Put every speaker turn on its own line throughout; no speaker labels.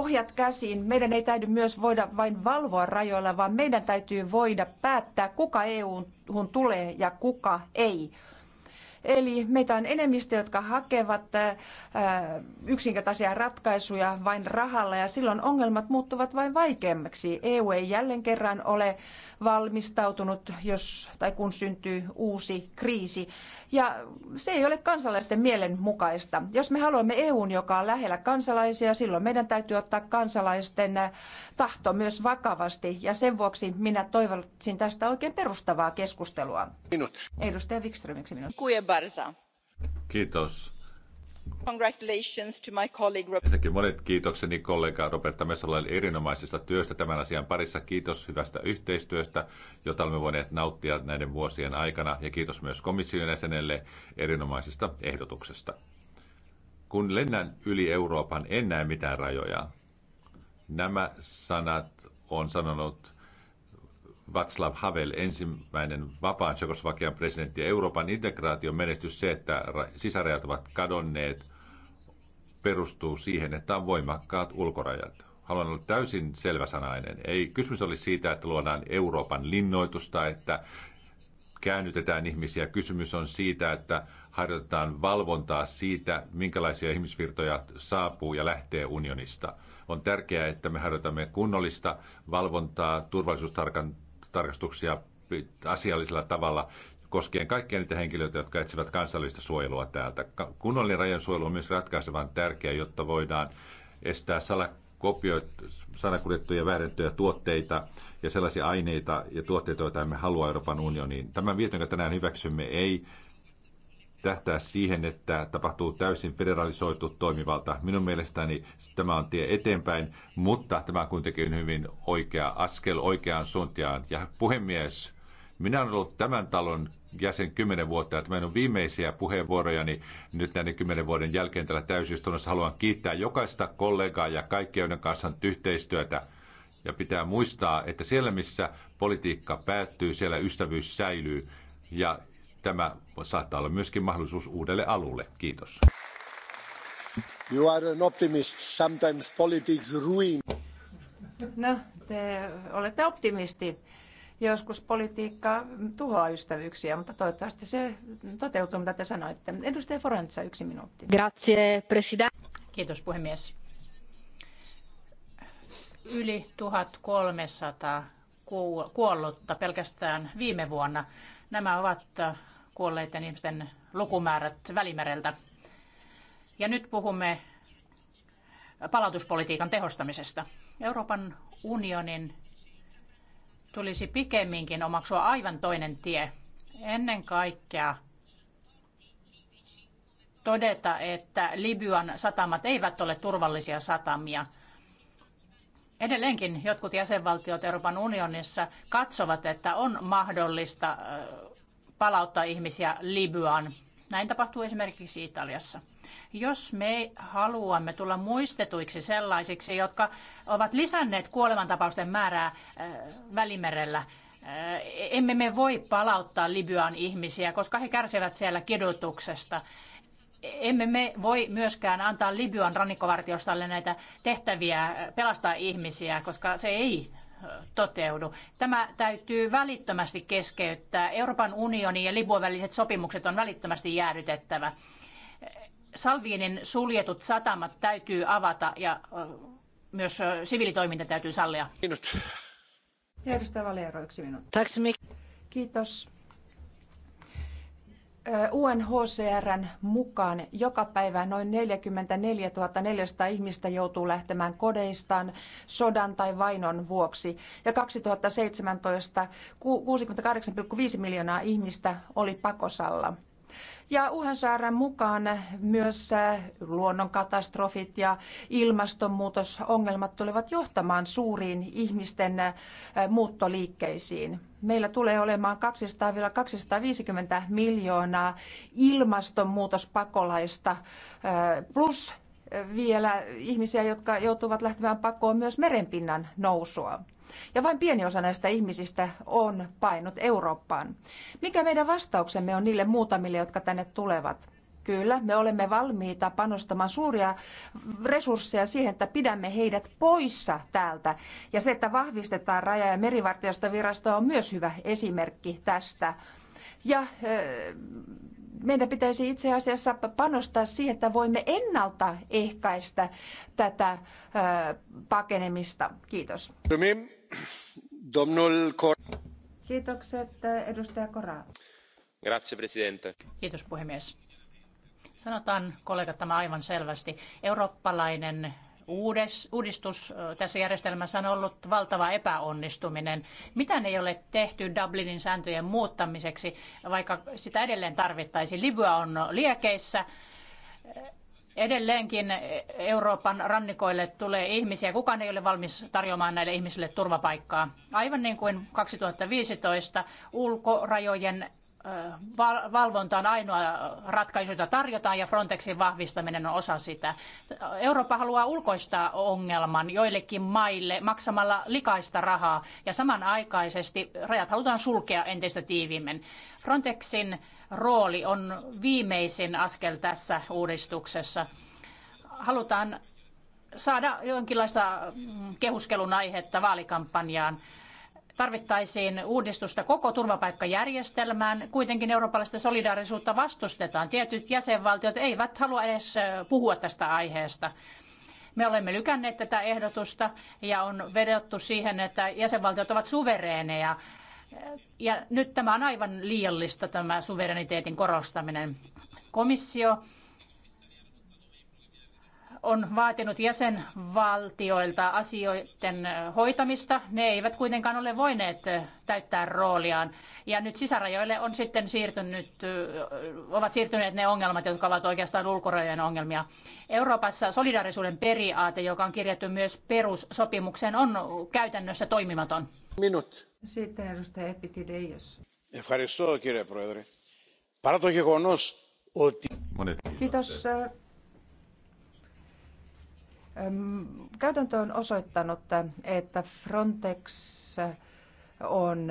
ohjat käsiin. Meidän ei täydy myös voida vain valvoa rajoilla, vaan meidän täytyy voida päättää, kuka EU:hun tulee ja kuka ei. Eli meitä on enemmistö, jotka hakevat äh, äh, yksinkertaisia ratkaisuja vain rahalla ja silloin ongelmat muuttuvat vain vaikeammaksi. EU ei jälleen kerran ole valmistautunut, jos tai kun syntyy uusi kriisi. Ja se ei ole kansalaisten mielen mukaista. Jos me haluamme EUn, joka on lähellä kansalaisia, silloin meidän täytyy ottaa kansalaisten äh, tahto myös vakavasti. Ja sen vuoksi minä toivoisin tästä oikein perustavaa keskustelua. Minut. Edustaja Wikström, yksi minuutti.
Kiitos. Ensinnäkin monet kiitokseni kollega Roberta Messolalle erinomaisesta työstä tämän asian parissa. Kiitos hyvästä yhteistyöstä, jota olemme voineet nauttia näiden vuosien aikana. Ja kiitos myös komission jäsenelle erinomaisesta ehdotuksesta. Kun lennän yli Euroopan, en näe mitään rajoja. Nämä sanat on sanonut Václav Havel, ensimmäinen vapaan Tsekoslovakian presidentti ja Euroopan integraation menestys, se, että sisärajat ovat kadonneet, perustuu siihen, että on voimakkaat ulkorajat. Haluan olla täysin selväsanainen. Ei kysymys oli siitä, että luodaan Euroopan linnoitusta, että käännytetään ihmisiä. Kysymys on siitä, että harjoitetaan valvontaa siitä, minkälaisia ihmisvirtoja saapuu ja lähtee unionista. On tärkeää, että me harjoitamme kunnollista valvontaa, turvallisuustarkan tarkastuksia asiallisella tavalla koskien kaikkia niitä henkilöitä, jotka etsivät kansallista suojelua täältä. Kunnollinen rajan suojelu on myös ratkaisevan tärkeä, jotta voidaan estää salakuljettuja väärentöjä tuotteita ja sellaisia aineita ja tuotteita, joita emme halua Euroopan unioniin. Tämän mietinnön tänään hyväksymme ei tähtää siihen, että tapahtuu täysin federalisoitu toimivalta. Minun mielestäni tämä on tie eteenpäin, mutta tämä on kuitenkin hyvin oikea askel oikeaan suuntaan. Ja puhemies, minä olen ollut tämän talon jäsen kymmenen vuotta, ja meidän on viimeisiä puheenvuorojani nyt näiden kymmenen vuoden jälkeen täällä täysistunnossa. Haluan kiittää jokaista kollegaa ja kaikkia, joiden kanssa on yhteistyötä. Ja pitää muistaa, että siellä missä politiikka päättyy, siellä ystävyys säilyy. Ja tämä saattaa olla myöskin mahdollisuus uudelle alulle. Kiitos.
You are an optimist. Sometimes politics ruin.
No, te olette optimisti. Joskus politiikka tuhoaa ystävyyksiä, mutta toivottavasti se toteutuu, mitä te sanoitte. Edustaja Forenza, yksi minuutti. Grazie, president. Kiitos, puhemies.
Yli 1300 kuollutta pelkästään viime vuonna. Nämä ovat kuolleiden ihmisten lukumäärät Välimereltä. Ja nyt puhumme palautuspolitiikan tehostamisesta. Euroopan unionin tulisi pikemminkin omaksua aivan toinen tie. Ennen kaikkea todeta, että Libyan satamat eivät ole turvallisia satamia. Edelleenkin jotkut jäsenvaltiot Euroopan unionissa katsovat, että on mahdollista palauttaa ihmisiä Libyaan. Näin tapahtuu esimerkiksi Italiassa. Jos me haluamme tulla muistetuiksi sellaisiksi, jotka ovat lisänneet kuolemantapausten määrää äh, Välimerellä, äh, emme me voi palauttaa Libyan ihmisiä, koska he kärsivät siellä kidutuksesta. Emme me voi myöskään antaa Libyan rannikkovartiostalle näitä tehtäviä äh, pelastaa ihmisiä, koska se ei toteudu. Tämä täytyy välittömästi keskeyttää. Euroopan unionin ja Libyan väliset sopimukset on välittömästi jäädytettävä. Salviinin suljetut satamat täytyy avata ja myös siviilitoiminta täytyy sallia.
Minut. Edustaja Valero, yksi minuutti. Kiitos. UNHCRn mukaan joka päivä noin 44 400 ihmistä joutuu lähtemään kodeistaan sodan tai vainon vuoksi. Ja 2017 68,5 miljoonaa ihmistä oli pakosalla. Ja Uhansaaran mukaan myös äh, luonnonkatastrofit ja ilmastonmuutosongelmat tulevat johtamaan suuriin ihmisten äh, muuttoliikkeisiin. Meillä tulee olemaan 200-250 miljoonaa ilmastonmuutospakolaista äh, plus vielä ihmisiä, jotka joutuvat lähtemään pakoon myös merenpinnan nousua. Ja vain pieni osa näistä ihmisistä on painut Eurooppaan. Mikä meidän vastauksemme on niille muutamille, jotka tänne tulevat? Kyllä, me olemme valmiita panostamaan suuria resursseja siihen, että pidämme heidät poissa täältä. Ja se, että vahvistetaan raja- ja merivartiostovirastoa on myös hyvä esimerkki tästä. Ja meidän pitäisi itse asiassa panostaa siihen, että voimme ennaltaehkäistä tätä pakenemista. Kiitos. Kiitokset, edustaja Kora.
Grazie, presidente.
Kiitos, puhemies.
Sanotaan kollegat tämä aivan selvästi. Eurooppalainen uudistus tässä järjestelmässä on ollut valtava epäonnistuminen. Mitä ei ole tehty Dublinin sääntöjen muuttamiseksi, vaikka sitä edelleen tarvittaisiin? Libya on liekeissä. Edelleenkin Euroopan rannikoille tulee ihmisiä. Kukaan ei ole valmis tarjoamaan näille ihmisille turvapaikkaa. Aivan niin kuin 2015 ulkorajojen valvonta on ainoa ratkaisu, jota tarjotaan ja Frontexin vahvistaminen on osa sitä. Eurooppa haluaa ulkoistaa ongelman joillekin maille maksamalla likaista rahaa ja samanaikaisesti rajat halutaan sulkea entistä tiiviimmin. Frontexin rooli on viimeisin askel tässä uudistuksessa. Halutaan saada jonkinlaista mm, kehuskelun aihetta vaalikampanjaan tarvittaisiin uudistusta koko turvapaikkajärjestelmään. Kuitenkin eurooppalaista solidaarisuutta vastustetaan. Tietyt jäsenvaltiot eivät halua edes puhua tästä aiheesta. Me olemme lykänneet tätä ehdotusta ja on vedottu siihen, että jäsenvaltiot ovat suvereeneja. Ja nyt tämä on aivan liiallista, tämä suvereniteetin korostaminen. Komissio on vaatinut jäsenvaltioilta asioiden hoitamista. Ne eivät kuitenkaan ole voineet täyttää rooliaan. Ja nyt sisärajoille on sitten siirtynyt, ovat siirtyneet ne ongelmat, jotka ovat oikeastaan ulkorajojen ongelmia. Euroopassa solidaarisuuden periaate, joka on kirjattu myös perussopimukseen, on käytännössä toimimaton.
Minut. Sitten edustaja Epitideios.
Kiitos,
Kiitos Käytäntö on osoittanut, että Frontex on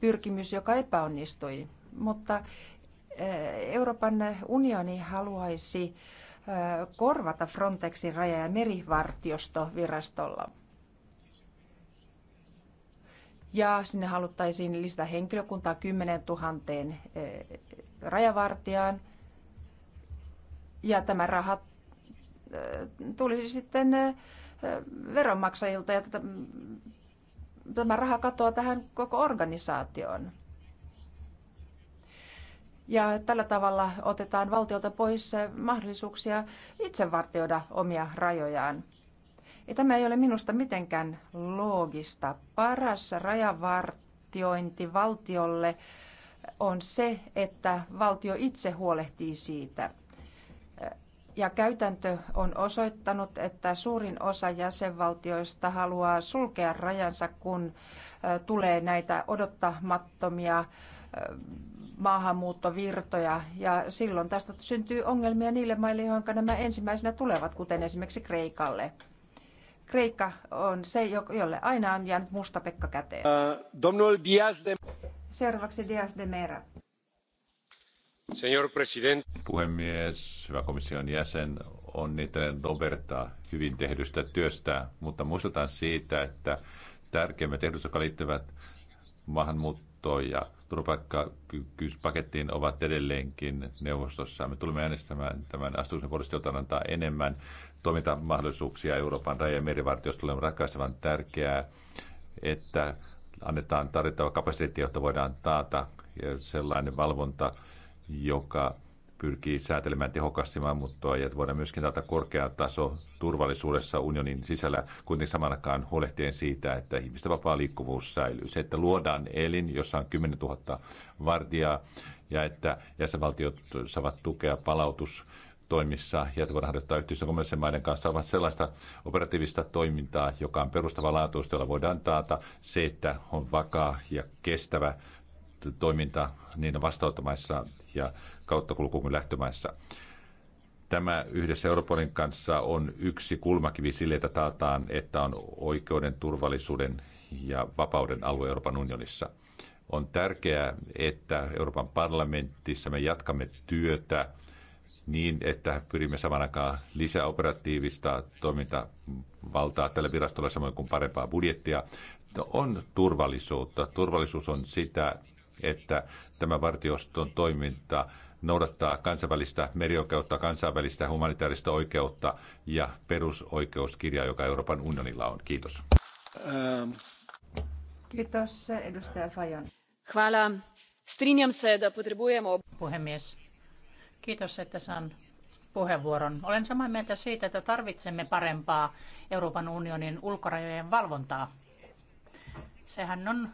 pyrkimys, joka epäonnistui, mutta Euroopan unioni haluaisi korvata Frontexin raja- ja merivartiostovirastolla. Ja sinne haluttaisiin lisätä henkilökuntaa 10 000 rajavartijaan. Ja tämä rahat tulisi sitten veronmaksajilta ja tätä, tämä raha katoaa tähän koko organisaatioon. Ja tällä tavalla otetaan valtiolta pois mahdollisuuksia itse vartioida omia rajojaan. Ja tämä ei ole minusta mitenkään loogista. Paras rajavartiointi valtiolle on se, että valtio itse huolehtii siitä – ja käytäntö on osoittanut, että suurin osa jäsenvaltioista haluaa sulkea rajansa, kun tulee näitä odottamattomia maahanmuuttovirtoja ja silloin tästä syntyy ongelmia niille maille, joihin nämä ensimmäisenä tulevat, kuten esimerkiksi Kreikalle. Kreikka on se, jolle aina on jäänyt musta pekka käteen.
Uh, Diaz de...
Seuraavaksi Diaz de Mera.
Señor Puhemies, hyvä komission jäsen, onnittelen Roberta hyvin tehdystä työstä, mutta muistutan siitä, että tärkeimmät ehdotukset, jotka liittyvät maahanmuuttoon ja turvapaikkapakettiin ovat edelleenkin neuvostossa. Me tulemme äänestämään tämän astuksen puolesta, jota antaa enemmän toimintamahdollisuuksia Euroopan raja- ja merivartiostolle on ratkaisevan tärkeää, että annetaan tarvittava kapasiteetti, jotta voidaan taata sellainen valvonta, joka pyrkii säätelemään tehokkaasti maahanmuuttoa ja voidaan myöskin taata korkea taso turvallisuudessa unionin sisällä, kuitenkin samanakaan huolehtien siitä, että ihmisten vapaa liikkuvuus säilyy. Se, että luodaan elin, jossa on 10 000 vartijaa ja että jäsenvaltiot saavat tukea palautus toimissa ja voidaan harjoittaa yhteistyötä kommunistisen maiden kanssa ovat sellaista operatiivista toimintaa, joka on perustava laatuista, jolla voidaan taata se, että on vakaa ja kestävä toiminta niin vastautumaissa ja kauttakulku kuin lähtömaissa. Tämä yhdessä Europolin kanssa on yksi kulmakivi sille, että taataan, että on oikeuden, turvallisuuden ja vapauden alue Euroopan unionissa. On tärkeää, että Euroopan parlamentissa me jatkamme työtä niin, että pyrimme saman aikaan lisää operatiivista toimintavaltaa tälle virastolle samoin kuin parempaa budjettia. No, on turvallisuutta. Turvallisuus on sitä, että tämä vartioston toiminta noudattaa kansainvälistä merioikeutta, kansainvälistä humanitaarista oikeutta ja perusoikeuskirjaa, joka Euroopan unionilla on. Kiitos. Ähm.
Kiitos, edustaja Fajon.
Hvala. Strinjam se, da potrebujemo... Puhemies, kiitos, että saan puheenvuoron. Olen samaa mieltä siitä, että tarvitsemme parempaa Euroopan unionin ulkorajojen valvontaa. Sehän on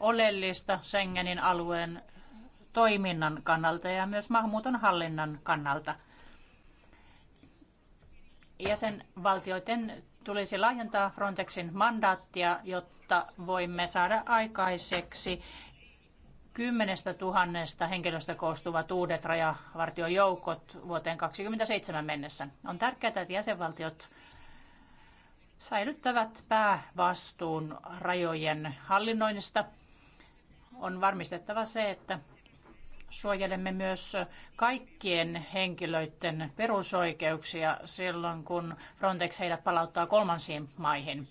oleellista Schengenin alueen toiminnan kannalta ja myös maahanmuuton hallinnan kannalta. Jäsenvaltioiden tulisi laajentaa Frontexin mandaattia, jotta voimme saada aikaiseksi kymmenestä tuhannesta henkilöstä koostuvat uudet rajavartiojoukot vuoteen 2027 mennessä. On tärkeää, että jäsenvaltiot säilyttävät päävastuun rajojen hallinnoinnista – on varmistettava se, että suojelemme myös kaikkien henkilöiden perusoikeuksia silloin, kun Frontex heidät palauttaa kolmansiin maihin.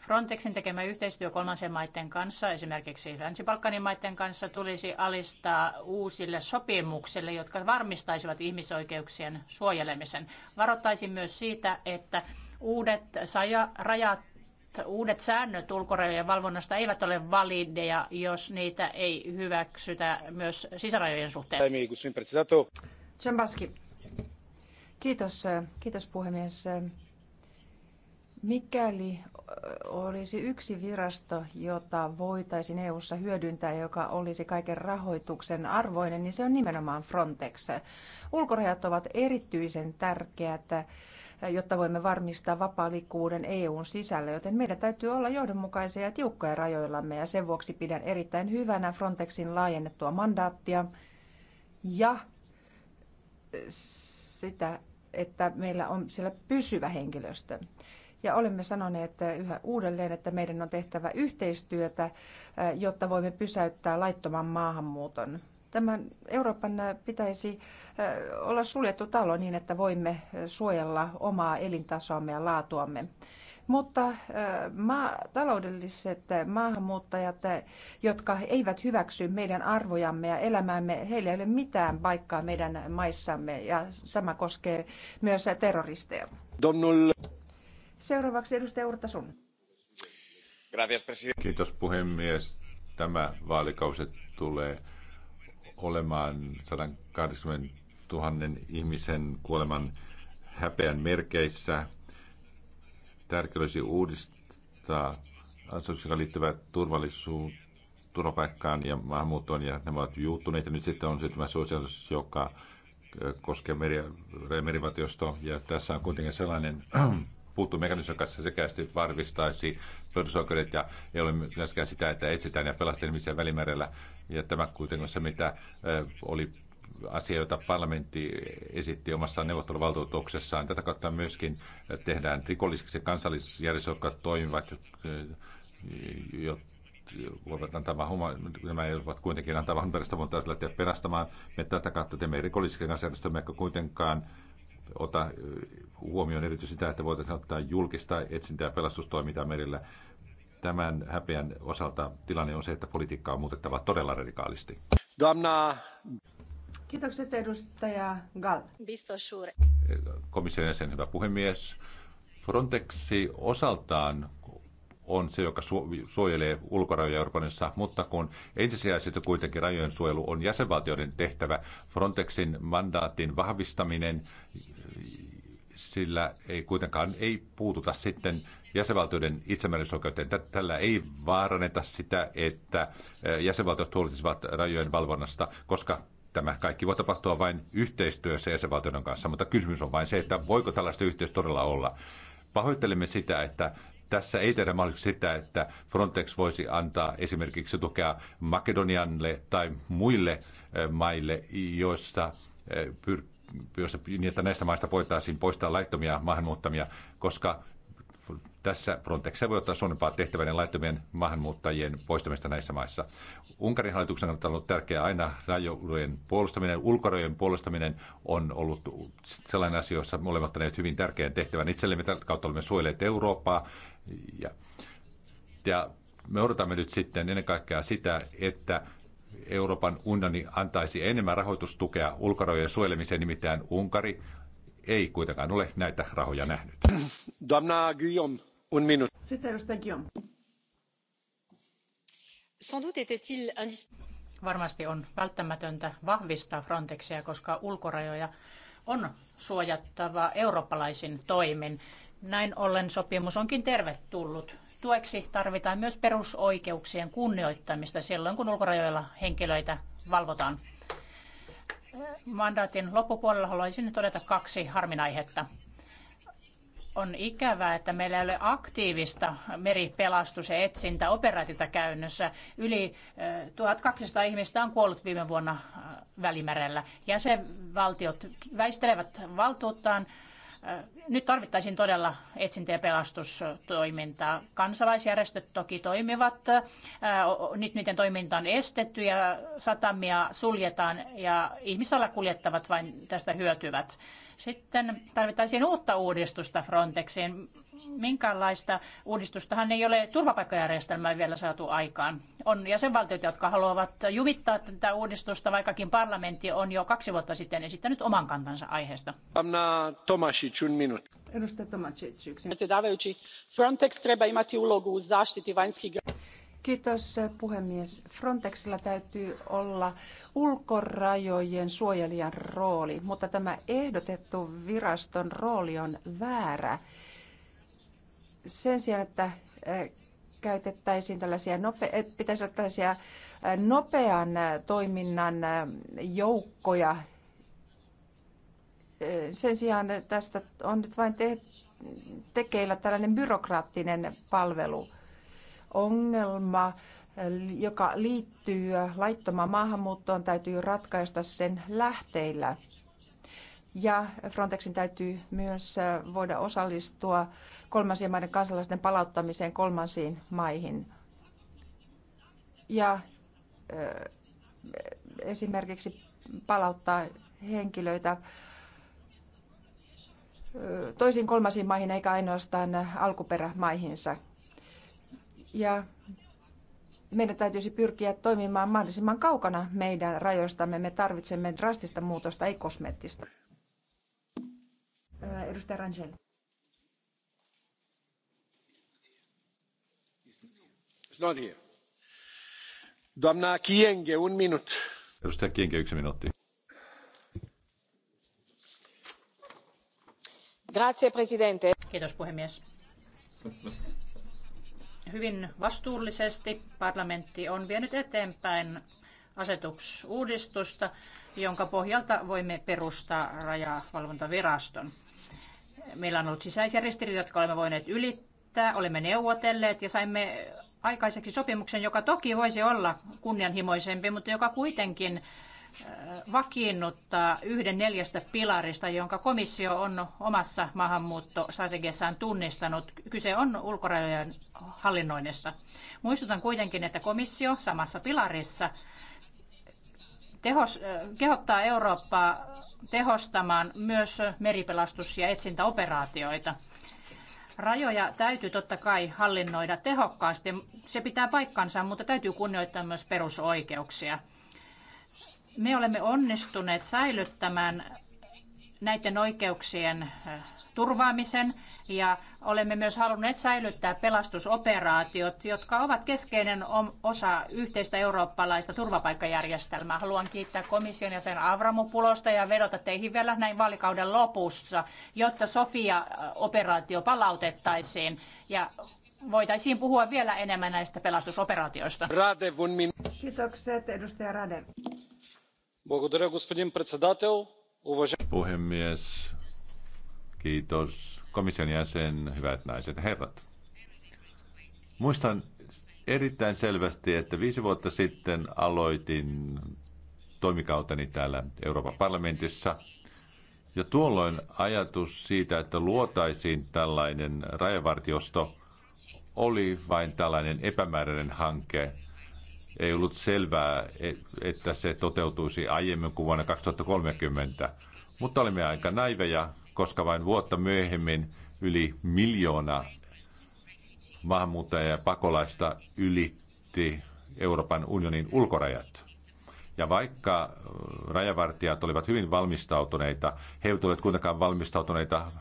Frontexin tekemä yhteistyö kolmansien maiden kanssa, esimerkiksi Länsi-Balkanin maiden kanssa, tulisi alistaa uusille sopimuksille, jotka varmistaisivat ihmisoikeuksien suojelemisen. Varoittaisin myös siitä, että uudet rajat uudet säännöt ulkorajojen valvonnasta eivät ole valideja, jos niitä ei hyväksytä myös sisärajojen suhteen. Jambaski.
Kiitos, kiitos puhemies. Mikäli olisi yksi virasto, jota voitaisiin EU:ssa hyödyntää, joka olisi kaiken rahoituksen arvoinen, niin se on nimenomaan Frontex. Ulkorajat ovat erityisen tärkeät jotta voimme varmistaa vapaaliikkuvuuden EUn sisällä, joten meidän täytyy olla johdonmukaisia ja tiukkoja rajoillamme ja sen vuoksi pidän erittäin hyvänä Frontexin laajennettua mandaattia ja sitä, että meillä on siellä pysyvä henkilöstö. Ja olemme sanoneet yhä uudelleen, että meidän on tehtävä yhteistyötä, jotta voimme pysäyttää laittoman maahanmuuton. Tämän Euroopan äh, pitäisi äh, olla suljettu talo niin, että voimme äh, suojella omaa elintasoamme ja laatuamme. Mutta maa, taloudelliset maahanmuuttajat, jotka eivät hyväksy meidän arvojamme ja elämäämme, heillä ei ole mitään paikkaa meidän maissamme ja sama koskee myös terroristeja. Donnolle. Seuraavaksi edustaja Urta Sun.
Kiitos puhemies. Tämä vaalikausi tulee olemaan 120 000 ihmisen kuoleman häpeän merkeissä. Tärkeää olisi uudistaa asioita, jotka liittyvät turvallisuuteen turvapaikkaan ja maahanmuuttoon, ja nämä ovat juuttuneet. Ja nyt sitten on sitten sosiaalisuus, joka koskee meri, merivatiosta ja tässä on kuitenkin sellainen mekanismi, joka sekästi varmistaisi perusoikeudet, ja ei ole myöskään sitä, että etsitään ja pelastetaan ihmisiä välimerellä ja tämä kuitenkin se, mitä oli asia, jota parlamentti esitti omassa neuvotteluvaltuutuksessaan. Tätä kautta myöskin tehdään rikollisiksi kansallisjärjestöt, jotka toimivat, voivat antaa huma, nämä ovat kuitenkin antaa vähän ympäristöä, mutta lähteä perastamaan. Me tätä kautta teemme rikollisiksi kansanjärjestömme, jotka kuitenkaan ota huomioon erityisesti sitä, että voitaisiin ottaa julkista etsintä- ja pelastustoimintaa merillä tämän häpeän osalta tilanne on se, että politiikkaa on muutettava todella radikaalisti. Damna.
Kiitokset edustaja Gall.
Komission jäsen, hyvä puhemies. Frontexi osaltaan on se, joka suojelee ulkorajoja Euroopanissa, mutta kun ensisijaisesti kuitenkin rajojen suojelu on jäsenvaltioiden tehtävä, Frontexin mandaatin vahvistaminen, sillä ei kuitenkaan ei puututa sitten jäsenvaltioiden itsemääräämisoikeuteen. Tällä ei vaaranneta sitä, että jäsenvaltiot huolehtisivat rajojen valvonnasta, koska tämä kaikki voi tapahtua vain yhteistyössä jäsenvaltioiden kanssa, mutta kysymys on vain se, että voiko tällaista yhteistyötä todella olla. Pahoittelemme sitä, että tässä ei tehdä mahdollisesti sitä, että Frontex voisi antaa esimerkiksi tukea Makedonialle tai muille maille, joissa pyr- niin, että näistä maista voitaisiin poistaa laittomia maahanmuuttamia, koska tässä Frontex voi ottaa suunnempaa tehtävän laittomien maahanmuuttajien poistamista näissä maissa. Unkarin hallituksen on ollut tärkeää aina rajojen puolustaminen. Ulkorajojen puolustaminen on ollut sellainen asia, jossa me olemme ottaneet hyvin tärkeän tehtävän itsellemme. Tätä kautta olemme suojelleet Eurooppaa. Ja, ja me odotamme nyt sitten ennen kaikkea sitä, että Euroopan unioni antaisi enemmän rahoitustukea ulkorajojen suojelemiseen, nimittäin Unkari ei kuitenkaan ole näitä rahoja nähnyt. Damna Guillaume.
Varmasti on välttämätöntä vahvistaa Frontexia, koska ulkorajoja on suojattava eurooppalaisin toimin. Näin ollen sopimus onkin tervetullut. Tueksi tarvitaan myös perusoikeuksien kunnioittamista silloin, kun ulkorajoilla henkilöitä valvotaan. Mandaatin loppupuolella haluaisin todeta kaksi harminaihetta. On ikävää, että meillä ei ole aktiivista meripelastus- ja etsintäoperaatiota käynnissä. Yli 1200 ihmistä on kuollut viime vuonna Välimerellä. Jäsenvaltiot väistelevät valtuuttaan. Nyt tarvittaisiin todella etsintä- ja pelastustoimintaa. Kansalaisjärjestöt toki toimivat. Nyt niiden toiminta on estetty ja satamia suljetaan ja ihmisalla kuljettavat vain tästä hyötyvät. Sitten tarvittaisiin uutta uudistusta Frontexiin. Minkälaista uudistustahan ei ole turvapaikkajärjestelmää vielä saatu aikaan. On jäsenvaltioita, jotka haluavat juvittaa tätä uudistusta, vaikkakin parlamentti on jo kaksi vuotta sitten esittänyt oman kantansa
aiheesta.
Anna Tomasic, un minut.
Edustaja Tomasic, yksi.
Frontex treba imati ulogu u zaštiti vanjskih
Kiitos puhemies. Frontexilla täytyy olla ulkorajojen suojelijan rooli, mutta tämä ehdotettu viraston rooli on väärä. Sen sijaan, että käytettäisiin tällaisia, nope, pitäisi olla tällaisia nopean toiminnan joukkoja. Sen sijaan tästä on nyt vain te, tekeillä tällainen byrokraattinen palvelu – ongelma, joka liittyy laittomaan maahanmuuttoon, täytyy ratkaista sen lähteillä. Ja Frontexin täytyy myös voida osallistua kolmansien maiden kansalaisten palauttamiseen kolmansiin maihin. Ja esimerkiksi palauttaa henkilöitä toisiin kolmansiin maihin eikä ainoastaan alkuperämaihinsa. Ja meidän täytyisi pyrkiä toimimaan mahdollisimman kaukana meidän rajoistamme. Me tarvitsemme drastista muutosta, ei kosmeettista. Edustaja Rangel.
Doamna
Kienge,
un minut. Edustaja Kienge, yksi minuutti.
Grazie, presidente. Kiitos puhemies hyvin vastuullisesti parlamentti on vienyt eteenpäin asetuksuudistusta, jonka pohjalta voimme perustaa rajavalvontaviraston. Meillä on ollut sisäisiä ristiriitoja, jotka olemme voineet ylittää, olemme neuvotelleet ja saimme aikaiseksi sopimuksen, joka toki voisi olla kunnianhimoisempi, mutta joka kuitenkin vakiinnuttaa yhden neljästä pilarista, jonka komissio on omassa maahanmuuttostrategiassaan tunnistanut. Kyse on ulkorajojen hallinnoinnista. Muistutan kuitenkin, että komissio samassa pilarissa tehos, kehottaa Eurooppaa tehostamaan myös meripelastus- ja etsintäoperaatioita. Rajoja täytyy totta kai hallinnoida tehokkaasti, se pitää paikkansa, mutta täytyy kunnioittaa myös perusoikeuksia. Me olemme onnistuneet säilyttämään näiden oikeuksien äh, turvaamisen ja olemme myös halunneet säilyttää pelastusoperaatiot, jotka ovat keskeinen osa yhteistä eurooppalaista turvapaikkajärjestelmää. Haluan kiittää komission ja sen Avramopulosta ja vedota teihin vielä näin vaalikauden lopussa, jotta Sofia-operaatio palautettaisiin ja voitaisiin puhua vielä enemmän näistä pelastusoperaatioista. Kiitokset,
edustaja Rade.
Puhemies, kiitos. Komission jäsen, hyvät naiset ja herrat. Muistan erittäin selvästi, että viisi vuotta sitten aloitin toimikauteni täällä Euroopan parlamentissa. Ja tuolloin ajatus siitä, että luotaisiin tällainen rajavartiosto, oli vain tällainen epämääräinen hanke – ei ollut selvää, e-, että se toteutuisi aiemmin kuin vuonna 2030. Mutta olimme aika naiveja, koska vain vuotta myöhemmin yli miljoona maahanmuuttajia ja pakolaista ylitti Euroopan unionin ulkorajat. Ja vaikka rajavartijat olivat hyvin valmistautuneita, he eivät olleet kuitenkaan valmistautuneita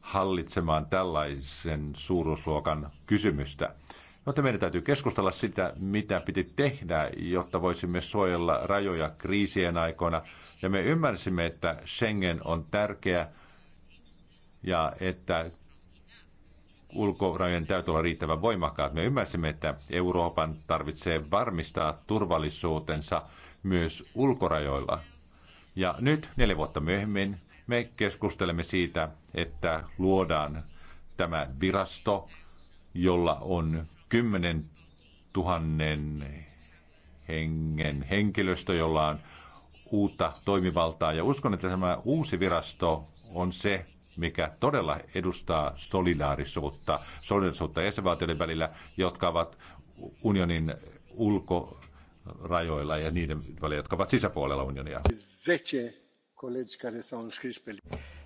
hallitsemaan tällaisen suuruusluokan kysymystä. Mutta meidän täytyy keskustella sitä, mitä piti tehdä, jotta voisimme suojella rajoja kriisien aikoina. Ja me ymmärsimme, että Schengen on tärkeä ja että ulkorajojen täytyy olla riittävän voimakkaat. Me ymmärsimme, että Euroopan tarvitsee varmistaa turvallisuutensa myös ulkorajoilla. Ja nyt neljä vuotta myöhemmin me keskustelemme siitä, että luodaan tämä virasto, jolla on 10 tuhannen hengen henkilöstö, jolla on uutta toimivaltaa. Ja uskon, että tämä uusi virasto on se, mikä todella edustaa solidaarisuutta, solidaarisuutta jäsenvaltioiden välillä, jotka ovat unionin ulkorajoilla ja niiden välillä, jotka ovat sisäpuolella unionia.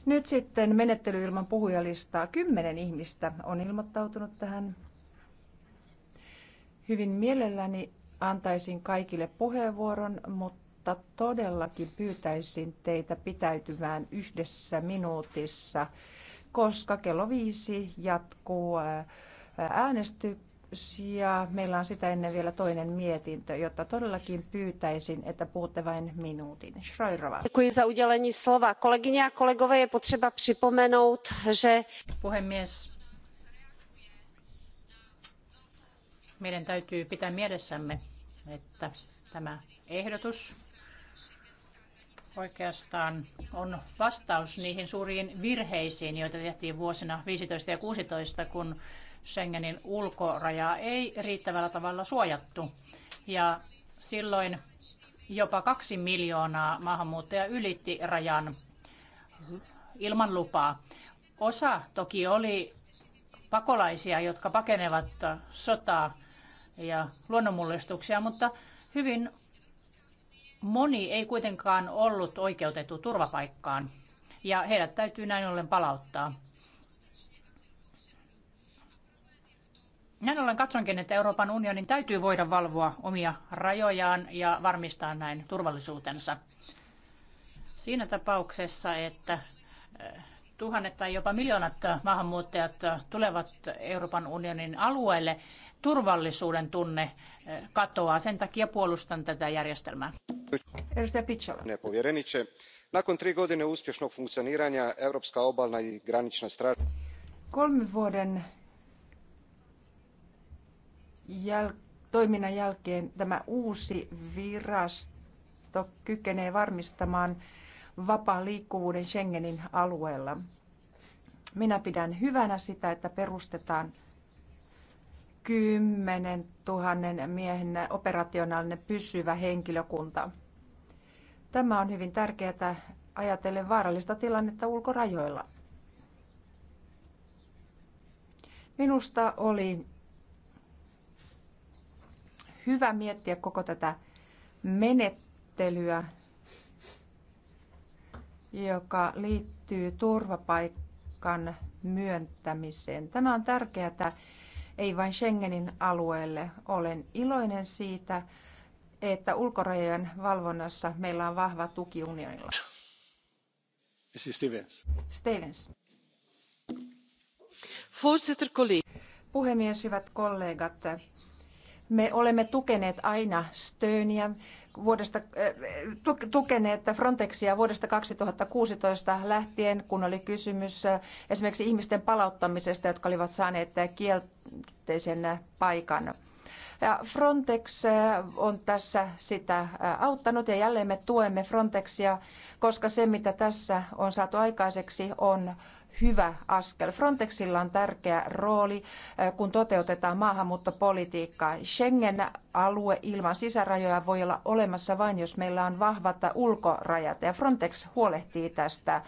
Nyt sitten menettely ilman puhujalistaa. Kymmenen ihmistä on ilmoittautunut tähän Hyvin mielelläni antaisin kaikille puheenvuoron, mutta todellakin pyytäisin teitä pitäytymään yhdessä minuutissa, koska kello viisi jatkuu äänestys ja meillä on sitä ennen vielä toinen mietintö, jotta todellakin pyytäisin, että puhutte vain minuutin. Schreirova.
za udělení slova. Kolegyně a kolegové, je potřeba připomenout, že... Puhemies, Meidän täytyy pitää mielessämme, että tämä ehdotus oikeastaan on vastaus niihin suuriin virheisiin, joita tehtiin vuosina 15 ja 16, kun Schengenin ulkorajaa ei riittävällä tavalla suojattu. Ja silloin jopa kaksi miljoonaa maahanmuuttajaa ylitti rajan ilman lupaa. Osa toki oli pakolaisia, jotka pakenevat sotaa ja luonnonmullistuksia, mutta hyvin moni ei kuitenkaan ollut oikeutettu turvapaikkaan ja heidät täytyy näin ollen palauttaa. Näin ollen katsonkin, että Euroopan unionin täytyy voida valvoa omia rajojaan ja varmistaa näin turvallisuutensa. Siinä tapauksessa, että eh, tuhannet tai jopa miljoonat maahanmuuttajat tulevat Euroopan unionin alueelle, turvallisuuden tunne eh, katoaa. Sen takia puolustan tätä järjestelmää.
Edustaja Pitsola. Nakon tri godine uspješnog funkcioniranja Europska obalna i granična straža...
Kolmen vuoden jäl- toiminnan jälkeen tämä uusi virasto kykenee varmistamaan vapaa liikkuvuuden Schengenin alueella. Minä pidän hyvänä sitä, että perustetaan 10 000 miehen operationaalinen pysyvä henkilökunta. Tämä on hyvin tärkeää ajatellen vaarallista tilannetta ulkorajoilla. Minusta oli hyvä miettiä koko tätä menettelyä, joka liittyy turvapaikan myöntämiseen. Tämä on tärkeää ei vain Schengenin alueelle. Olen iloinen siitä, että ulkorajojen valvonnassa meillä on vahva tuki unionilla. Stevens. Stevens. Puhemies, hyvät kollegat. Me olemme tukeneet aina Stöniä vuodesta, eh, tukeneet Frontexia vuodesta 2016 lähtien, kun oli kysymys eh, esimerkiksi ihmisten palauttamisesta, jotka olivat saaneet kielteisen paikan. Ja Frontex eh, on tässä sitä auttanut ja jälleen me tuemme Frontexia, koska se mitä tässä on saatu aikaiseksi on hyvä askel. Frontexilla on tärkeä rooli, äh, kun toteutetaan maahanmuuttopolitiikkaa. Schengen-alue ilman sisärajoja voi olla olemassa vain, jos meillä on vahvat ulkorajat, ja Frontex huolehtii tästä. Äh,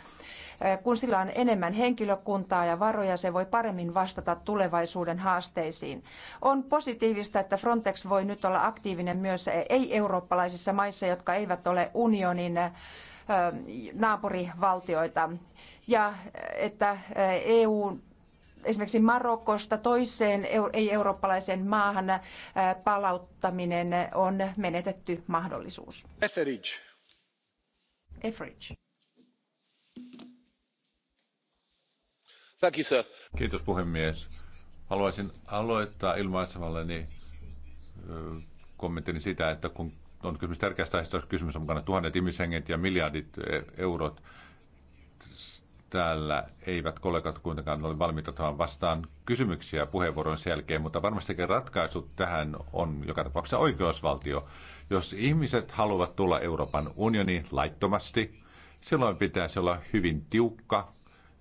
kun sillä on enemmän henkilökuntaa ja varoja, se voi paremmin vastata tulevaisuuden haasteisiin. On positiivista, että Frontex voi nyt olla aktiivinen myös ei-eurooppalaisissa maissa, jotka eivät ole unionin äh, naapurivaltioita ja että EU esimerkiksi Marokosta toiseen ei-eurooppalaiseen maahan palauttaminen on menetetty mahdollisuus. Etheridge. Etheridge.
Thank you, sir. Kiitos puhemies. Haluaisin aloittaa ilmaisemallani kommenttini sitä, että kun on kysymys tärkeästä aiheesta, jos kysymys on mukana tuhannet ihmishenget ja miljardit e, eurot. Täällä eivät kollegat kuitenkaan ole valmiita ottamaan vastaan kysymyksiä puheenvuoron jälkeen, mutta varmastikin ratkaisu tähän on joka tapauksessa oikeusvaltio. Jos ihmiset haluavat tulla Euroopan unioniin laittomasti, silloin pitäisi olla hyvin tiukka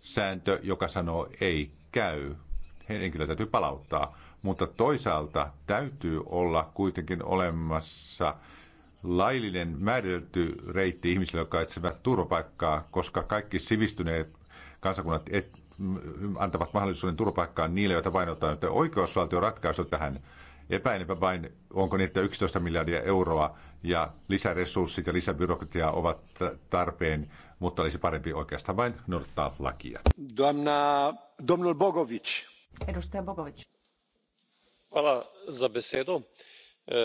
sääntö, joka sanoo ei käy. Henkilö täytyy palauttaa, mutta toisaalta täytyy olla kuitenkin olemassa – laillinen määritelty reitti ihmisille, jotka etsivät turvapaikkaa, koska kaikki sivistyneet kansakunnat et, antavat mahdollisuuden turvapaikkaan niille, joita vainotaan. Joten oikeusvaltio ratkaisu tähän epäilenpä vain, onko niitä 11 miljardia euroa ja lisäresurssit ja lisäbyrokratia ovat tarpeen, mutta olisi parempi oikeastaan vain noudattaa lakia.
Domna, domnul Bogovic. Edustaja Bogovic. Hvala za besedo. E,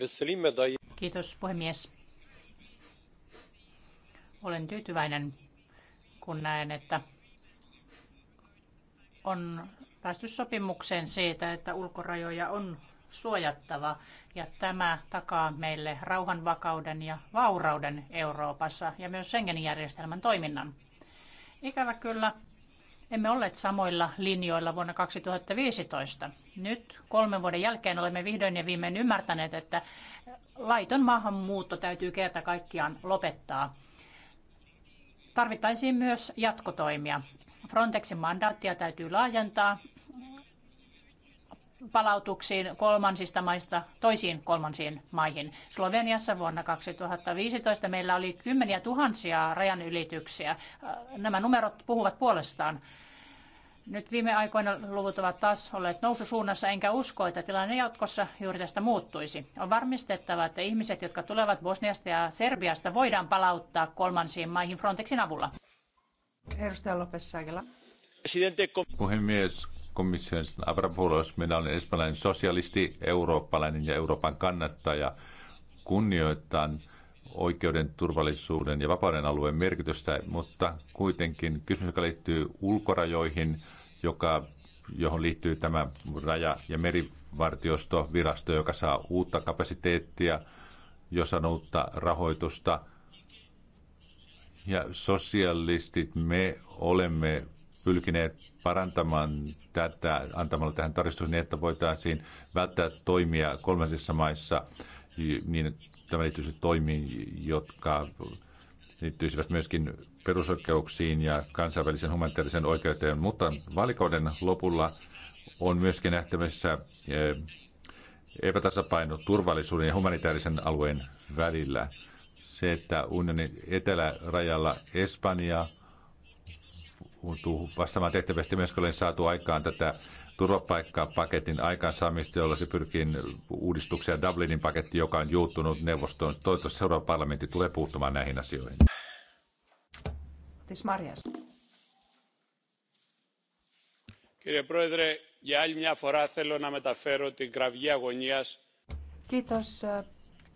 Veseli da
Kiitos puhemies. Olen tyytyväinen, kun näen, että on päästy sopimukseen siitä, että ulkorajoja on suojattava ja tämä takaa meille rauhan, vakauden ja vaurauden Euroopassa ja myös Schengenin järjestelmän toiminnan. Ikävä kyllä emme olleet samoilla linjoilla vuonna 2015. Nyt kolmen vuoden jälkeen olemme vihdoin ja viimein ymmärtäneet, että Laiton maahanmuutto täytyy kerta kaikkiaan lopettaa. Tarvittaisiin myös jatkotoimia. Frontexin mandaattia täytyy laajentaa palautuksiin kolmansista maista toisiin kolmansiin maihin. Sloveniassa vuonna 2015 meillä oli kymmeniä tuhansia rajanylityksiä. Nämä numerot puhuvat puolestaan. Nyt viime aikoina luvut ovat taas olleet noususuunnassa, enkä usko, että tilanne jatkossa juuri tästä muuttuisi. On varmistettava, että ihmiset, jotka tulevat Bosniasta ja Serbiasta, voidaan palauttaa kolmansiin maihin Frontexin avulla.
Edustaja lopez
Puhemies, komission Avramopoulos, minä olen espanjalainen sosialisti, eurooppalainen ja Euroopan kannattaja. Kunnioitan oikeuden, turvallisuuden ja vapauden alueen merkitystä, mutta kuitenkin kysymys, joka liittyy ulkorajoihin, joka, johon liittyy tämä raja- ja merivartiostovirasto, joka saa uutta kapasiteettia, jossa on uutta rahoitusta. Ja sosialistit, me olemme pyrkineet parantamaan tätä antamalla tähän tarkistus niin, että voitaisiin välttää toimia kolmansissa maissa niin, että tämä liittyisi toimiin, jotka liittyisivät myöskin perusoikeuksiin ja kansainvälisen humanitaarisen oikeuteen, mutta valikoiden lopulla on myöskin nähtävissä eh, epätasapaino turvallisuuden ja humanitaarisen alueen välillä. Se, että unionin etelärajalla Espanja joutuu vastaamaan tehtävästi myös, olen saatu aikaan tätä turvapaikkapaketin aikaansaamista, jolla se pyrkii uudistuksia Dublinin paketti, joka on juuttunut neuvostoon. Toivottavasti seuraava parlamentti tulee puuttumaan näihin asioihin.
Marjas. Kiitos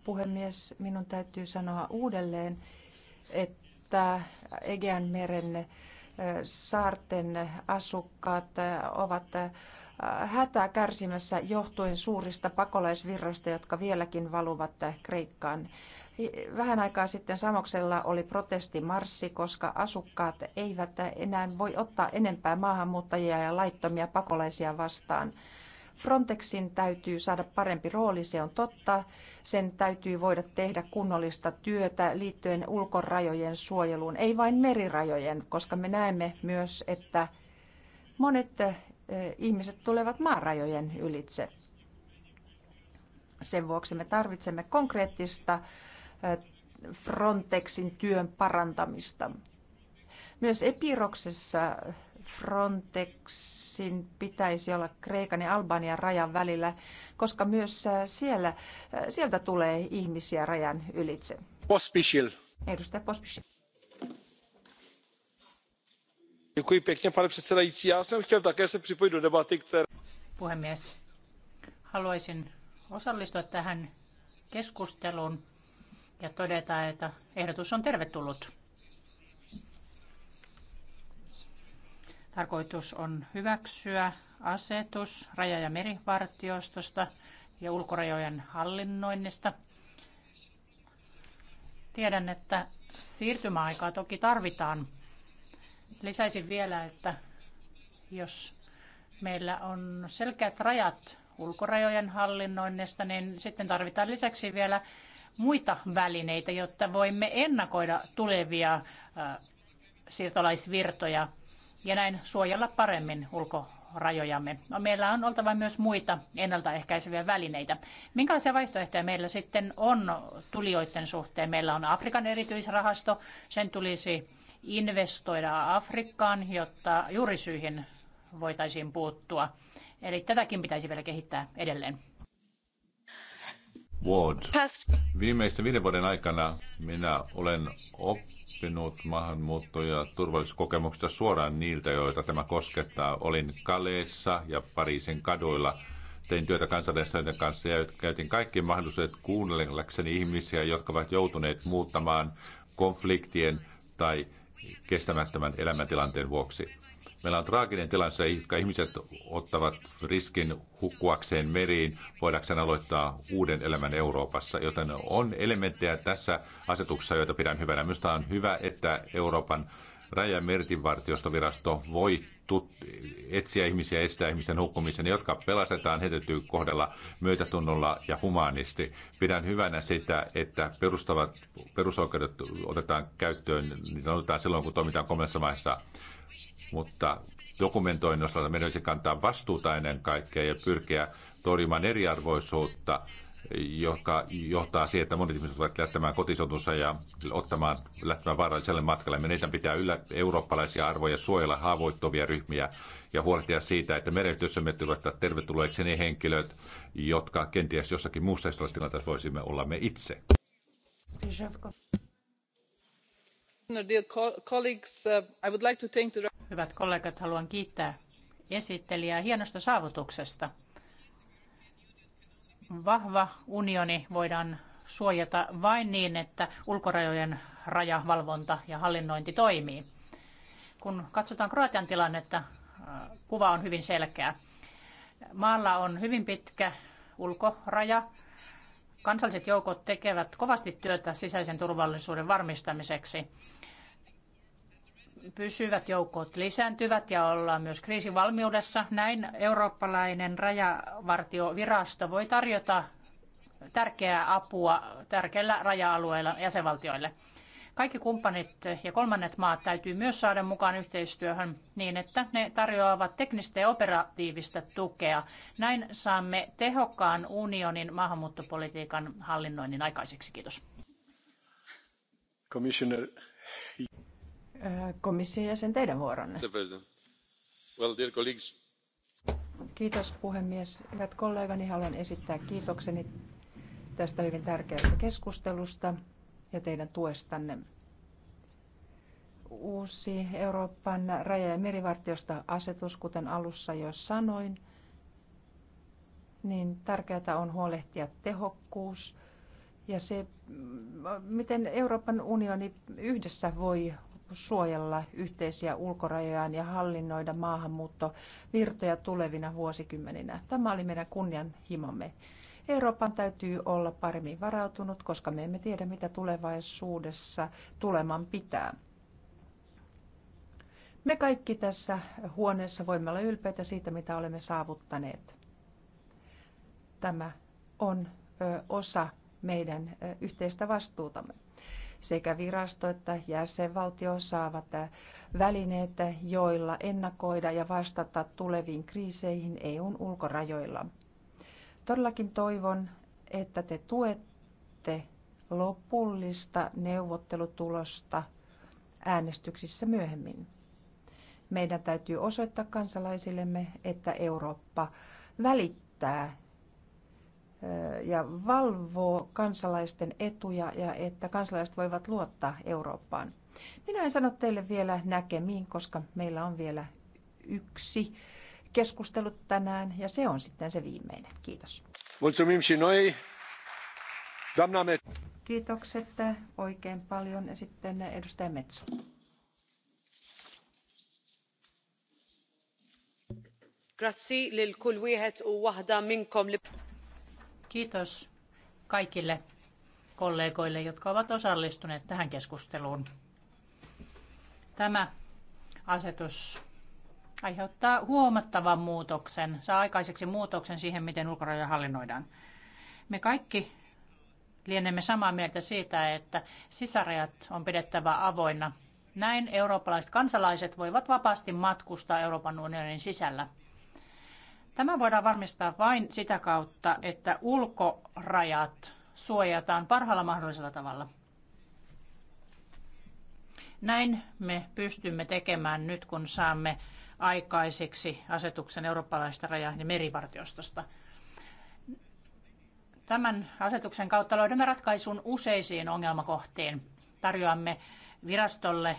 puhemies. Minun täytyy sanoa uudelleen, että Egean meren saarten asukkaat ovat äh, hätää kärsimässä johtuen suurista pakolaisvirroista, jotka vieläkin valuvat äh, Kreikkaan. Vähän aikaa sitten Samoksella oli protestimarssi, koska asukkaat eivät enää voi ottaa enempää maahanmuuttajia ja laittomia pakolaisia vastaan. Frontexin täytyy saada parempi rooli, se on totta. Sen täytyy voida tehdä kunnollista työtä liittyen ulkorajojen suojeluun, ei vain merirajojen, koska me näemme myös, että monet eh, ihmiset tulevat maarajojen ylitse. Sen vuoksi me tarvitsemme konkreettista eh, Frontexin työn parantamista. Myös Epiroksessa Frontexin pitäisi olla Kreikan ja Albanian rajan välillä, koska myös äh, siellä, äh, sieltä tulee ihmisiä rajan ylitse.
Pospisil.
Edustaja Pospisil.
Puhemies, haluaisin osallistua tähän keskusteluun ja todeta, että ehdotus on tervetullut Tarkoitus on hyväksyä asetus raja- ja merivartiostosta ja ulkorajojen hallinnoinnista. Tiedän, että siirtymäaikaa toki tarvitaan. Lisäisin vielä, että jos meillä on selkeät rajat ulkorajojen hallinnoinnista, niin sitten tarvitaan lisäksi vielä muita välineitä, jotta voimme ennakoida tulevia siirtolaisvirtoja ja näin suojella paremmin ulkorajojamme. No, meillä on oltava myös muita ennaltaehkäiseviä välineitä. Minkälaisia vaihtoehtoja meillä sitten on tulijoiden suhteen? Meillä on Afrikan erityisrahasto, sen tulisi investoida Afrikkaan, jotta juurisyihin voitaisiin puuttua. Eli tätäkin pitäisi vielä kehittää edelleen.
Ward. Viimeisten viiden vuoden aikana minä olen oppinut maahanmuutto- ja turvallisuuskokemuksista suoraan niiltä, joita tämä koskettaa. Olin Kaleessa ja Pariisin kaduilla. Tein työtä kansalaisten kanssa ja käytin kaikki mahdollisuudet kuunnellakseni ihmisiä, jotka ovat joutuneet muuttamaan konfliktien tai kestämättömän elämäntilanteen vuoksi. Meillä on traaginen tilanne, jotka ihmiset ottavat riskin hukkuakseen meriin, voidakseen aloittaa uuden elämän Euroopassa. Joten on elementtejä tässä asetuksessa, joita pidän hyvänä. Minusta on hyvä, että Euroopan Raja- ja merkinvartiostovirasto voi etsiä ihmisiä ja estää ihmisten hukkumisen. Jotka pelastetaan, he täytyy kohdella myötätunnolla ja humaanisti. Pidän hyvänä sitä, että perustavat, perusoikeudet otetaan käyttöön, niitä otetaan silloin, kun toimitaan kolmessa maissa. Mutta dokumentoinnin osalta meidän olisi kantaa vastuuta ennen kaikkea ja pyrkiä torjumaan eriarvoisuutta joka johtaa siihen, että monet ihmiset ovat lähtemään kotisotunsa ja ottamaan, lähtemään vaaralliselle matkalle. Meidän pitää yllä eurooppalaisia arvoja, suojella haavoittuvia ryhmiä ja huolehtia siitä, että merkityksemme tulevat tervetulleeksi ne henkilöt, jotka kenties jossakin muussa tilanteessa voisimme olla me itse.
Uh, Hyvät kollegat, haluan kiittää esittelijää hienosta saavutuksesta vahva unioni voidaan suojata vain niin, että ulkorajojen rajavalvonta ja hallinnointi toimii. Kun katsotaan Kroatian tilannetta, äh, kuva on hyvin selkeä. Maalla on hyvin pitkä ulkoraja. Kansalliset joukot tekevät kovasti työtä sisäisen turvallisuuden varmistamiseksi pysyvät joukot lisääntyvät ja ollaan myös kriisivalmiudessa. Näin eurooppalainen rajavartiovirasto voi tarjota tärkeää apua tärkeillä raja-alueilla jäsenvaltioille. Kaikki kumppanit ja kolmannet maat täytyy myös saada mukaan yhteistyöhön niin, että ne tarjoavat teknistä ja operatiivista tukea. Näin saamme tehokkaan unionin maahanmuuttopolitiikan hallinnoinnin aikaiseksi.
Kiitos. Commissioner. Äh, komission jäsen, teidän vuoronne.
Well, dear colleagues.
Kiitos puhemies. Hyvät kollegani, haluan esittää kiitokseni tästä hyvin tärkeästä keskustelusta ja teidän tuestanne. Uusi Euroopan raja- ja merivartiosta asetus, kuten alussa jo sanoin, niin tärkeää on huolehtia tehokkuus ja se, mm, miten Euroopan unioni yhdessä voi suojella yhteisiä ulkorajojaan ja hallinnoida maahanmuuttovirtoja tulevina vuosikymmeninä. Tämä oli meidän kunnianhimomme. Euroopan täytyy olla paremmin varautunut, koska me emme tiedä, mitä tulevaisuudessa tuleman pitää. Me kaikki tässä huoneessa voimme olla ylpeitä siitä, mitä olemme saavuttaneet. Tämä on osa meidän yhteistä vastuutamme. Sekä virasto että jäsenvaltio saavat välineet, joilla ennakoida ja vastata tuleviin kriiseihin EUn ulkorajoilla. Todellakin toivon, että te tuette lopullista neuvottelutulosta äänestyksissä myöhemmin. Meidän täytyy osoittaa kansalaisillemme, että Eurooppa välittää ja valvoo kansalaisten etuja ja että kansalaiset voivat luottaa Eurooppaan. Minä en sano teille vielä näkemiin, koska meillä on vielä yksi keskustelu tänään ja se on sitten se viimeinen. Kiitos. Kiitokset oikein paljon ja sitten edustaja Metso.
Grazzi lil kull wieħed
u waħda minkom li Kiitos kaikille kollegoille, jotka ovat osallistuneet tähän keskusteluun. Tämä asetus aiheuttaa huomattavan muutoksen, saa aikaiseksi muutoksen siihen, miten ulkorajoja hallinnoidaan. Me kaikki lienemme samaa mieltä siitä, että sisärajat on pidettävä avoinna. Näin eurooppalaiset kansalaiset voivat vapaasti matkustaa Euroopan unionin sisällä. Tämä voidaan varmistaa vain sitä kautta, että ulkorajat suojataan parhaalla mahdollisella tavalla. Näin me pystymme tekemään nyt, kun saamme aikaiseksi asetuksen eurooppalaista raja- ja merivartiostosta. Tämän asetuksen kautta löydämme ratkaisun useisiin ongelmakohtiin. Tarjoamme virastolle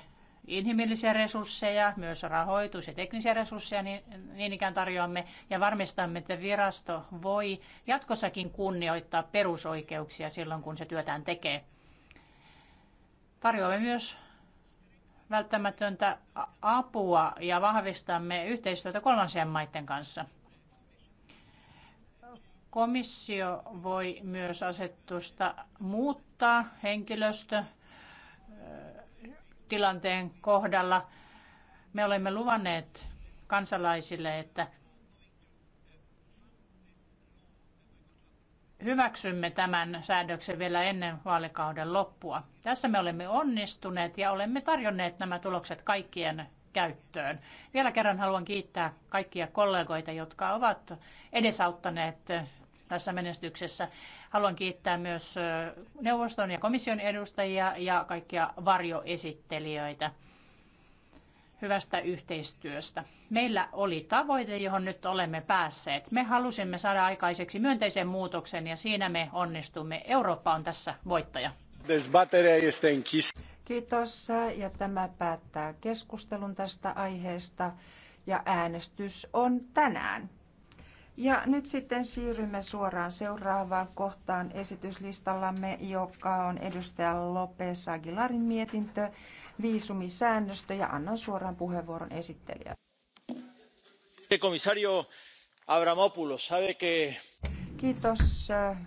inhimillisiä resursseja, myös rahoitus- ja teknisiä resursseja niin, niin ikään tarjoamme ja varmistamme, että virasto voi jatkossakin kunnioittaa perusoikeuksia silloin, kun se työtään tekee. Tarjoamme myös välttämätöntä apua ja vahvistamme yhteistyötä kolmansien maiden kanssa. Komissio voi myös asetusta muuttaa henkilöstö- tilanteen kohdalla me olemme luvanneet kansalaisille, että hyväksymme tämän säädöksen vielä ennen vaalikauden loppua. Tässä me olemme onnistuneet ja olemme tarjonneet nämä tulokset kaikkien käyttöön. Vielä kerran haluan kiittää kaikkia kollegoita, jotka ovat edesauttaneet tässä menestyksessä. Haluan kiittää myös neuvoston ja komission edustajia ja kaikkia varjoesittelijöitä hyvästä yhteistyöstä. Meillä oli tavoite, johon nyt olemme päässeet. Me halusimme saada aikaiseksi myönteisen muutoksen ja siinä me onnistumme. Eurooppa on tässä voittaja.
Kiitos ja tämä päättää keskustelun tästä aiheesta ja äänestys on tänään. Ja nyt sitten siirrymme suoraan seuraavaan kohtaan esityslistallamme, joka on edustaja Lopes Aguilarin mietintö, viisumisäännöstö ja annan suoraan puheenvuoron esittelijälle.
Komissario Avramopoulos, sabe que
Kiitos. Äh,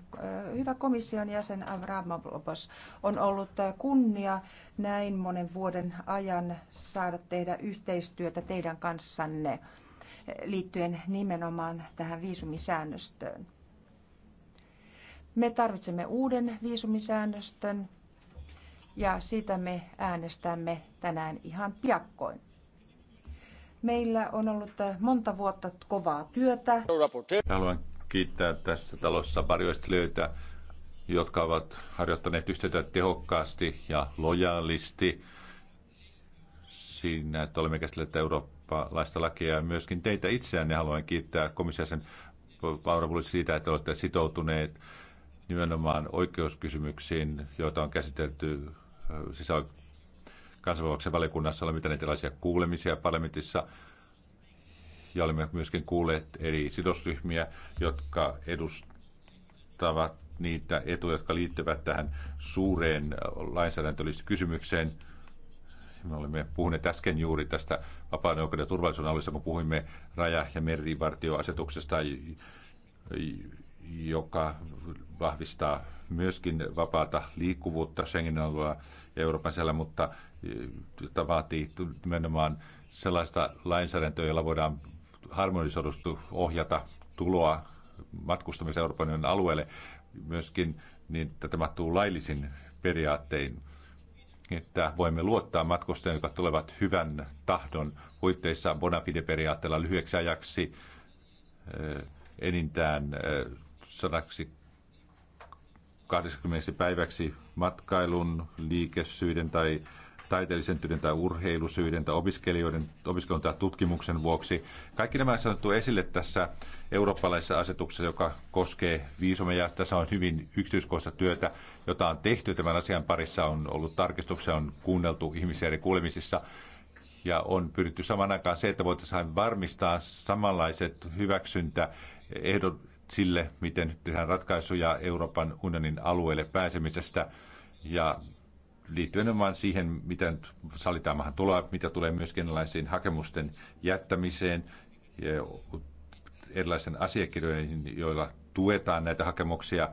hyvä komission jäsen Avramopoulos. On ollut äh, kunnia näin monen vuoden ajan saada tehdä yhteistyötä teidän kanssanne liittyen nimenomaan tähän viisumisäännöstöön. Me tarvitsemme uuden viisumisäännöstön ja siitä me äänestämme tänään ihan piakkoin. Meillä on ollut monta vuotta kovaa työtä.
Haluan kiittää tässä talossa varjoista löytää, jotka ovat harjoittaneet yhteyttä tehokkaasti ja lojaalisti siinä, että olemme käsitelleet Euroopan eurooppalaista lakia ja myöskin teitä itseänne haluan kiittää komissiasen Paura siitä, että olette sitoutuneet nimenomaan oikeuskysymyksiin, joita on käsitelty sisä- kansanvalvoksen valiokunnassa, olemme pitäneet erilaisia kuulemisia parlamentissa ja olemme myöskin kuulleet eri sidosryhmiä, jotka edustavat niitä etuja, jotka liittyvät tähän suureen lainsäädäntölliseen kysymykseen – me olemme puhuneet äsken juuri tästä vapaan oikeuden ja turvallisuuden alueesta, kun puhuimme raja- ja merivartioasetuksesta, joka vahvistaa myöskin vapaata liikkuvuutta Schengen alueella ja Euroopan siellä, mutta vaatii nimenomaan sellaista lainsäädäntöä, jolla voidaan harmonisoidusti ohjata tuloa matkustamisen Euroopan alueelle myöskin, niin että tämä tuu laillisin periaattein että voimme luottaa matkustajien, jotka tulevat hyvän tahdon puitteissa bona fide-periaatteella lyhyeksi ajaksi eh, enintään 180 eh, päiväksi matkailun, liikesyiden tai taiteellisen tyyden tai urheilusyiden tai opiskelijoiden, opiskelun tai tutkimuksen vuoksi. Kaikki nämä on sanottu esille tässä eurooppalaisessa asetuksessa, joka koskee viisumeja. Tässä on hyvin yksityiskohtaista työtä, jota on tehty tämän asian parissa. On ollut tarkistuksia, on kuunneltu ihmisiä eri kuulemisissa ja on pyritty saman aikaan se, että voitaisiin varmistaa samanlaiset hyväksyntä ehdot sille, miten tehdään ratkaisuja Euroopan unionin alueelle pääsemisestä. Ja liittyen nimenomaan siihen, miten sallitaan maahan tuloa, mitä tulee myöskin erilaisiin hakemusten jättämiseen, ja erilaisen asiakirjoihin, joilla tuetaan näitä hakemuksia.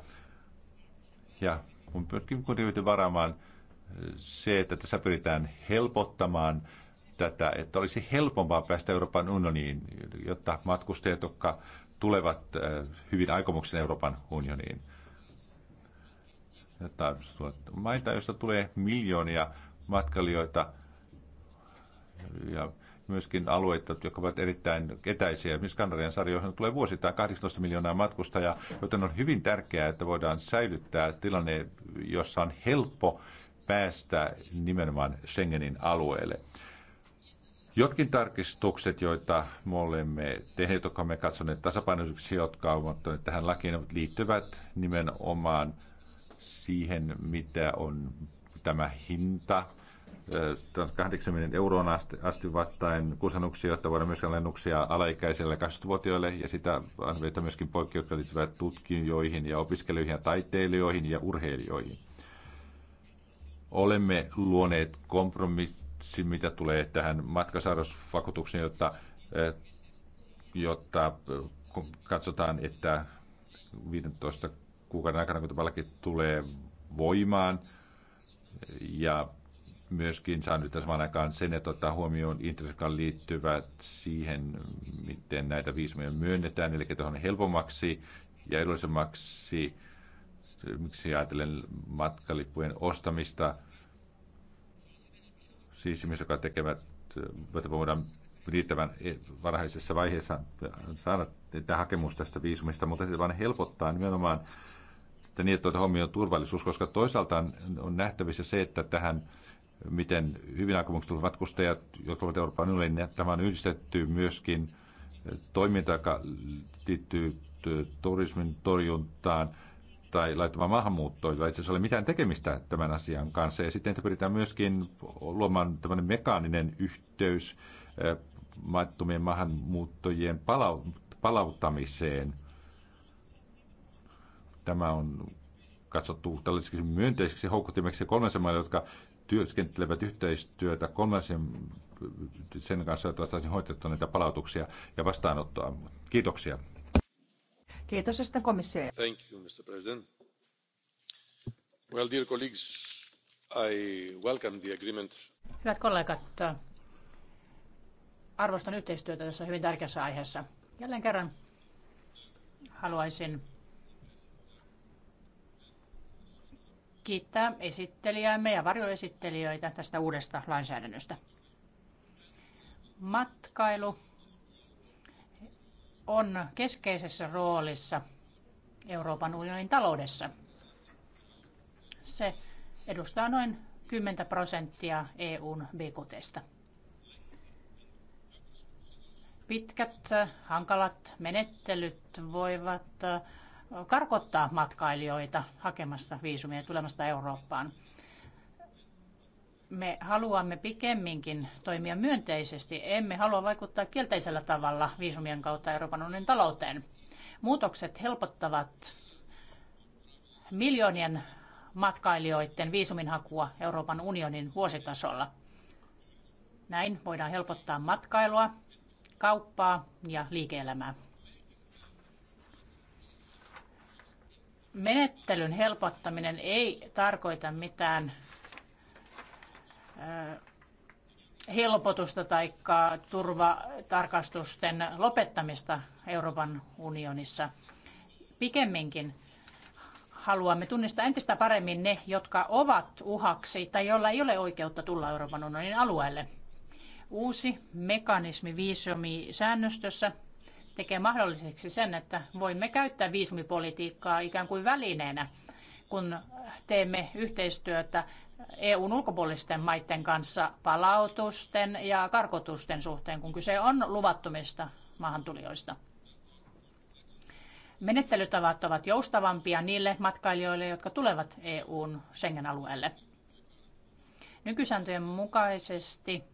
Ja on myöskin kuitenkin varaamaan se, että tässä pyritään helpottamaan tätä, että olisi helpompaa päästä Euroopan unioniin, jotta matkustajat, jotka tulevat eh, hyvin aikomuksen Euroopan unioniin, maita, joista tulee miljoonia matkailijoita ja myöskin alueita, jotka ovat erittäin etäisiä. Myös Kanarian sarjoihin tulee vuosittain 18 miljoonaa matkustajaa, joten on hyvin tärkeää, että voidaan säilyttää tilanne, jossa on helppo päästä nimenomaan Schengenin alueelle. Jotkin tarkistukset, joita me olemme tehneet, jotka me katsoneet tasapainoisiksi, jotka ovat tähän lakiin, liittyvät nimenomaan – siihen, mitä on tämä hinta 80 euroon asti, asti vastaen kustannuksia, jotta voidaan myös alennuksia alaikäisille 20-vuotiaille ja sitä arvioita myöskin poikkeuksia liittyvät tutkijoihin ja opiskelijoihin ja taiteilijoihin ja urheilijoihin. Olemme luoneet kompromissin, mitä tulee tähän matkasairausvakuutukseen, jotta, jotta katsotaan, että 15 kuukauden aikana, kun tämä laki tulee voimaan. Ja myöskin saan nyt samaan aikaan sen, että ottaa huomioon intressit, liittyvät siihen, miten näitä viisumia myönnetään, eli tuohon helpommaksi ja edullisemmaksi, miksi ajatellen matkalippujen ostamista, siis ihmiset, jotka tekevät, että voidaan riittävän varhaisessa vaiheessa saada tämä hakemus tästä viisumista, mutta se vain helpottaa nimenomaan että niin, että huomioon turvallisuus, koska toisaalta on nähtävissä se, että tähän miten hyvin aikomukset matkustajat, jotka ovat Euroopan unionin, niin tämä on yhdistetty myöskin toiminta, joka liittyy turismin torjuntaan tai laittamaan maahanmuuttoon, jolla ei itse asiassa ole mitään tekemistä tämän asian kanssa. Ja sitten että pyritään myöskin luomaan tämmöinen mekaaninen yhteys maittumien maahanmuuttojien palauttamiseen – Tämä on katsottu tällaiseksi myönteiseksi houkuttimeksi kolmansien maille, jotka työskentelevät yhteistyötä kolmansien sen kanssa, että saataisiin hoitettua näitä palautuksia ja vastaanottoa. Kiitoksia.
Kiitos ja sitten komissio.
Thank you, Mr. President. Well, dear colleagues, I welcome the agreement.
Hyvät kollegat, arvostan yhteistyötä tässä hyvin tärkeässä aiheessa. Jälleen kerran haluaisin kiittää esittelijäämme ja varjoesittelijöitä tästä uudesta lainsäädännöstä. Matkailu on keskeisessä roolissa Euroopan unionin taloudessa. Se edustaa noin 10 prosenttia EUn BKTstä. Pitkät, hankalat menettelyt voivat karkottaa matkailijoita hakemasta viisumia ja tulemasta Eurooppaan. Me haluamme pikemminkin toimia myönteisesti. Emme halua vaikuttaa kielteisellä tavalla viisumien kautta Euroopan unionin talouteen. Muutokset helpottavat miljoonien matkailijoiden viisuminhakua Euroopan unionin vuositasolla. Näin voidaan helpottaa matkailua, kauppaa ja liike-elämää. menettelyn helpottaminen ei tarkoita mitään helpotusta tai turvatarkastusten lopettamista Euroopan unionissa. Pikemminkin haluamme tunnistaa entistä paremmin ne, jotka ovat uhaksi tai joilla ei ole oikeutta tulla Euroopan unionin alueelle. Uusi mekanismi säännöstössä tekee mahdolliseksi sen, että voimme käyttää viisumipolitiikkaa ikään kuin välineenä, kun teemme yhteistyötä EUn ulkopuolisten maiden kanssa palautusten ja karkotusten suhteen, kun kyse on luvattomista maahantulijoista. Menettelytavat ovat joustavampia niille matkailijoille, jotka tulevat EUn Schengen-alueelle. Nykysääntöjen mukaisesti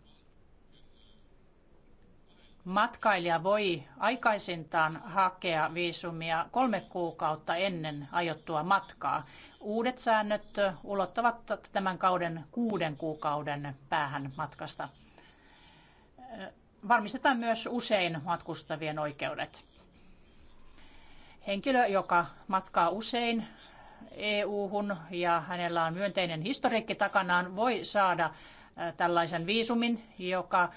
matkailija voi aikaisintaan hakea viisumia kolme kuukautta ennen aiottua matkaa. Uudet säännöt ulottavat tämän kauden kuuden kuukauden päähän matkasta. Varmistetaan myös usein matkustavien oikeudet. Henkilö, joka matkaa usein EU-hun ja hänellä on myönteinen historiikki takanaan, voi saada tällaisen viisumin, joka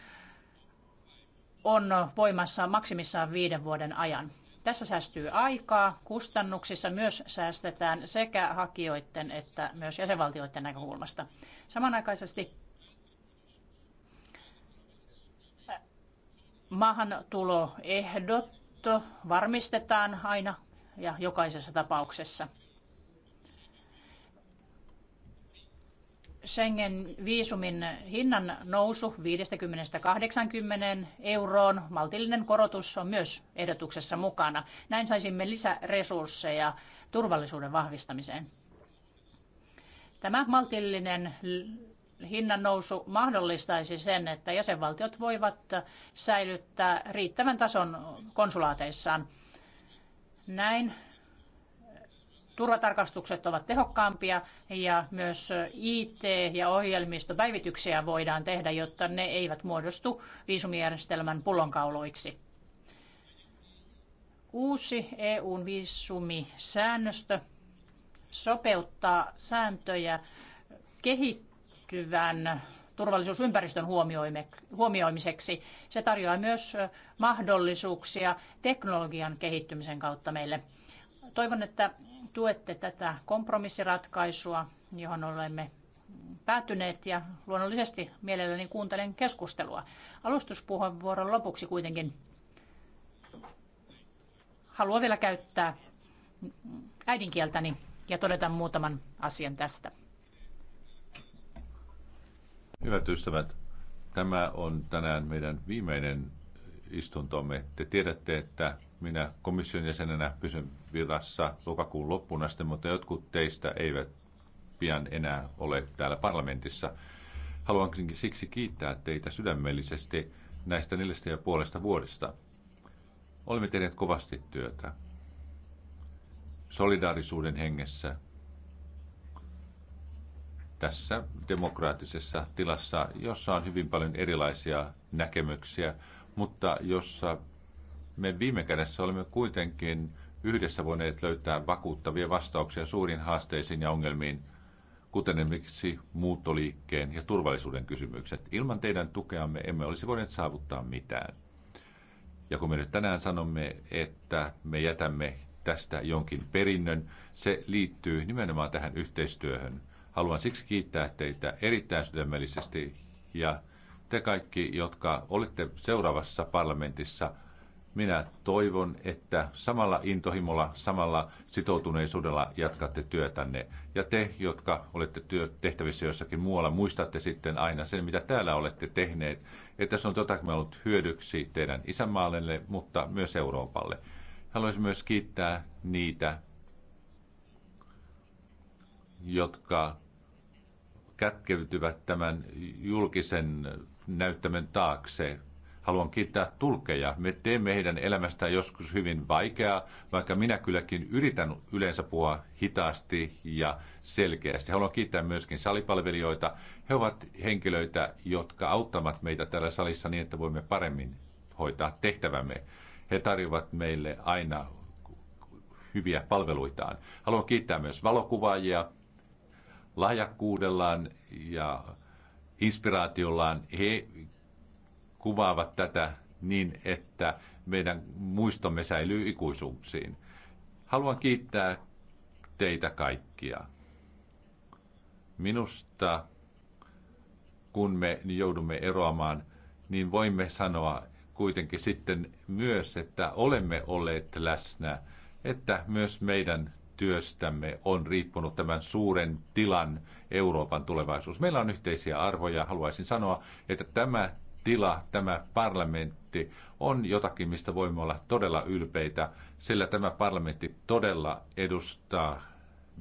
on voimassa maksimissaan viiden vuoden ajan. Tässä säästyy aikaa, kustannuksissa myös säästetään sekä hakijoiden että myös jäsenvaltioiden näkökulmasta. Samanaikaisesti maahantuloehdot varmistetaan aina ja jokaisessa tapauksessa – Schengen-viisumin hinnan nousu 50-80 euroon, maltillinen korotus on myös ehdotuksessa mukana. Näin saisimme lisäresursseja turvallisuuden vahvistamiseen. Tämä maltillinen hinnan nousu mahdollistaisi sen, että jäsenvaltiot voivat säilyttää riittävän tason konsulaateissaan. Näin Turvatarkastukset ovat tehokkaampia ja myös IT- ja ohjelmistopäivityksiä voidaan tehdä, jotta ne eivät muodostu viisumijärjestelmän pullonkauloiksi. Uusi EUn viisumisäännöstö sopeuttaa sääntöjä kehittyvän turvallisuusympäristön huomioimiseksi. Se tarjoaa myös mahdollisuuksia teknologian kehittymisen kautta meille. Toivon, että tuette tätä kompromissiratkaisua, johon olemme päätyneet ja luonnollisesti mielelläni kuuntelen keskustelua. Alustuspuheenvuoron lopuksi kuitenkin haluan vielä käyttää äidinkieltäni ja todeta muutaman asian tästä.
Hyvät ystävät, tämä on tänään meidän viimeinen istuntomme. Te tiedätte, että minä komission jäsenenä pysyn virassa lokakuun loppuun asti, mutta jotkut teistä eivät pian enää ole täällä parlamentissa. Haluankin siksi kiittää teitä sydämellisesti näistä neljästä ja puolesta vuodesta. Olemme tehneet kovasti työtä. Solidaarisuuden hengessä, tässä demokraattisessa tilassa, jossa on hyvin paljon erilaisia näkemyksiä, mutta jossa me viime kädessä olemme kuitenkin yhdessä voineet löytää vakuuttavia vastauksia suuriin haasteisiin ja ongelmiin, kuten esimerkiksi muuttoliikkeen ja turvallisuuden kysymykset. Ilman teidän tukeamme emme olisi voineet saavuttaa mitään. Ja kun me nyt tänään sanomme, että me jätämme tästä jonkin perinnön, se liittyy nimenomaan tähän yhteistyöhön. Haluan siksi kiittää teitä erittäin sydämellisesti ja te kaikki, jotka olette seuraavassa parlamentissa – minä toivon, että samalla intohimolla, samalla sitoutuneisuudella jatkatte työtänne. Ja te, jotka olette työtehtävissä jossakin muualla, muistatte sitten aina sen, mitä täällä olette tehneet, että se on jotakin ollut hyödyksi teidän isänmaallenne, mutta myös Euroopalle. Haluaisin myös kiittää niitä, jotka kätkeytyvät tämän julkisen näyttämön taakse Haluan kiittää tulkeja. Me teemme heidän elämästään joskus hyvin vaikeaa, vaikka minä kylläkin yritän yleensä puhua hitaasti ja selkeästi. Haluan kiittää myöskin salipalvelijoita. He ovat henkilöitä, jotka auttavat meitä täällä salissa niin, että voimme paremmin hoitaa tehtävämme. He tarjoavat meille aina hyviä palveluitaan. Haluan kiittää myös valokuvaajia lahjakkuudellaan ja inspiraatiollaan. He kuvaavat tätä niin, että meidän muistomme säilyy ikuisuuksiin. Haluan kiittää teitä kaikkia. Minusta, kun me joudumme eroamaan, niin voimme sanoa kuitenkin sitten myös, että olemme olleet läsnä, että myös meidän työstämme on riippunut tämän suuren tilan Euroopan tulevaisuus. Meillä on yhteisiä arvoja. Haluaisin sanoa, että tämä tila, tämä parlamentti, on jotakin, mistä voimme olla todella ylpeitä, sillä tämä parlamentti todella edustaa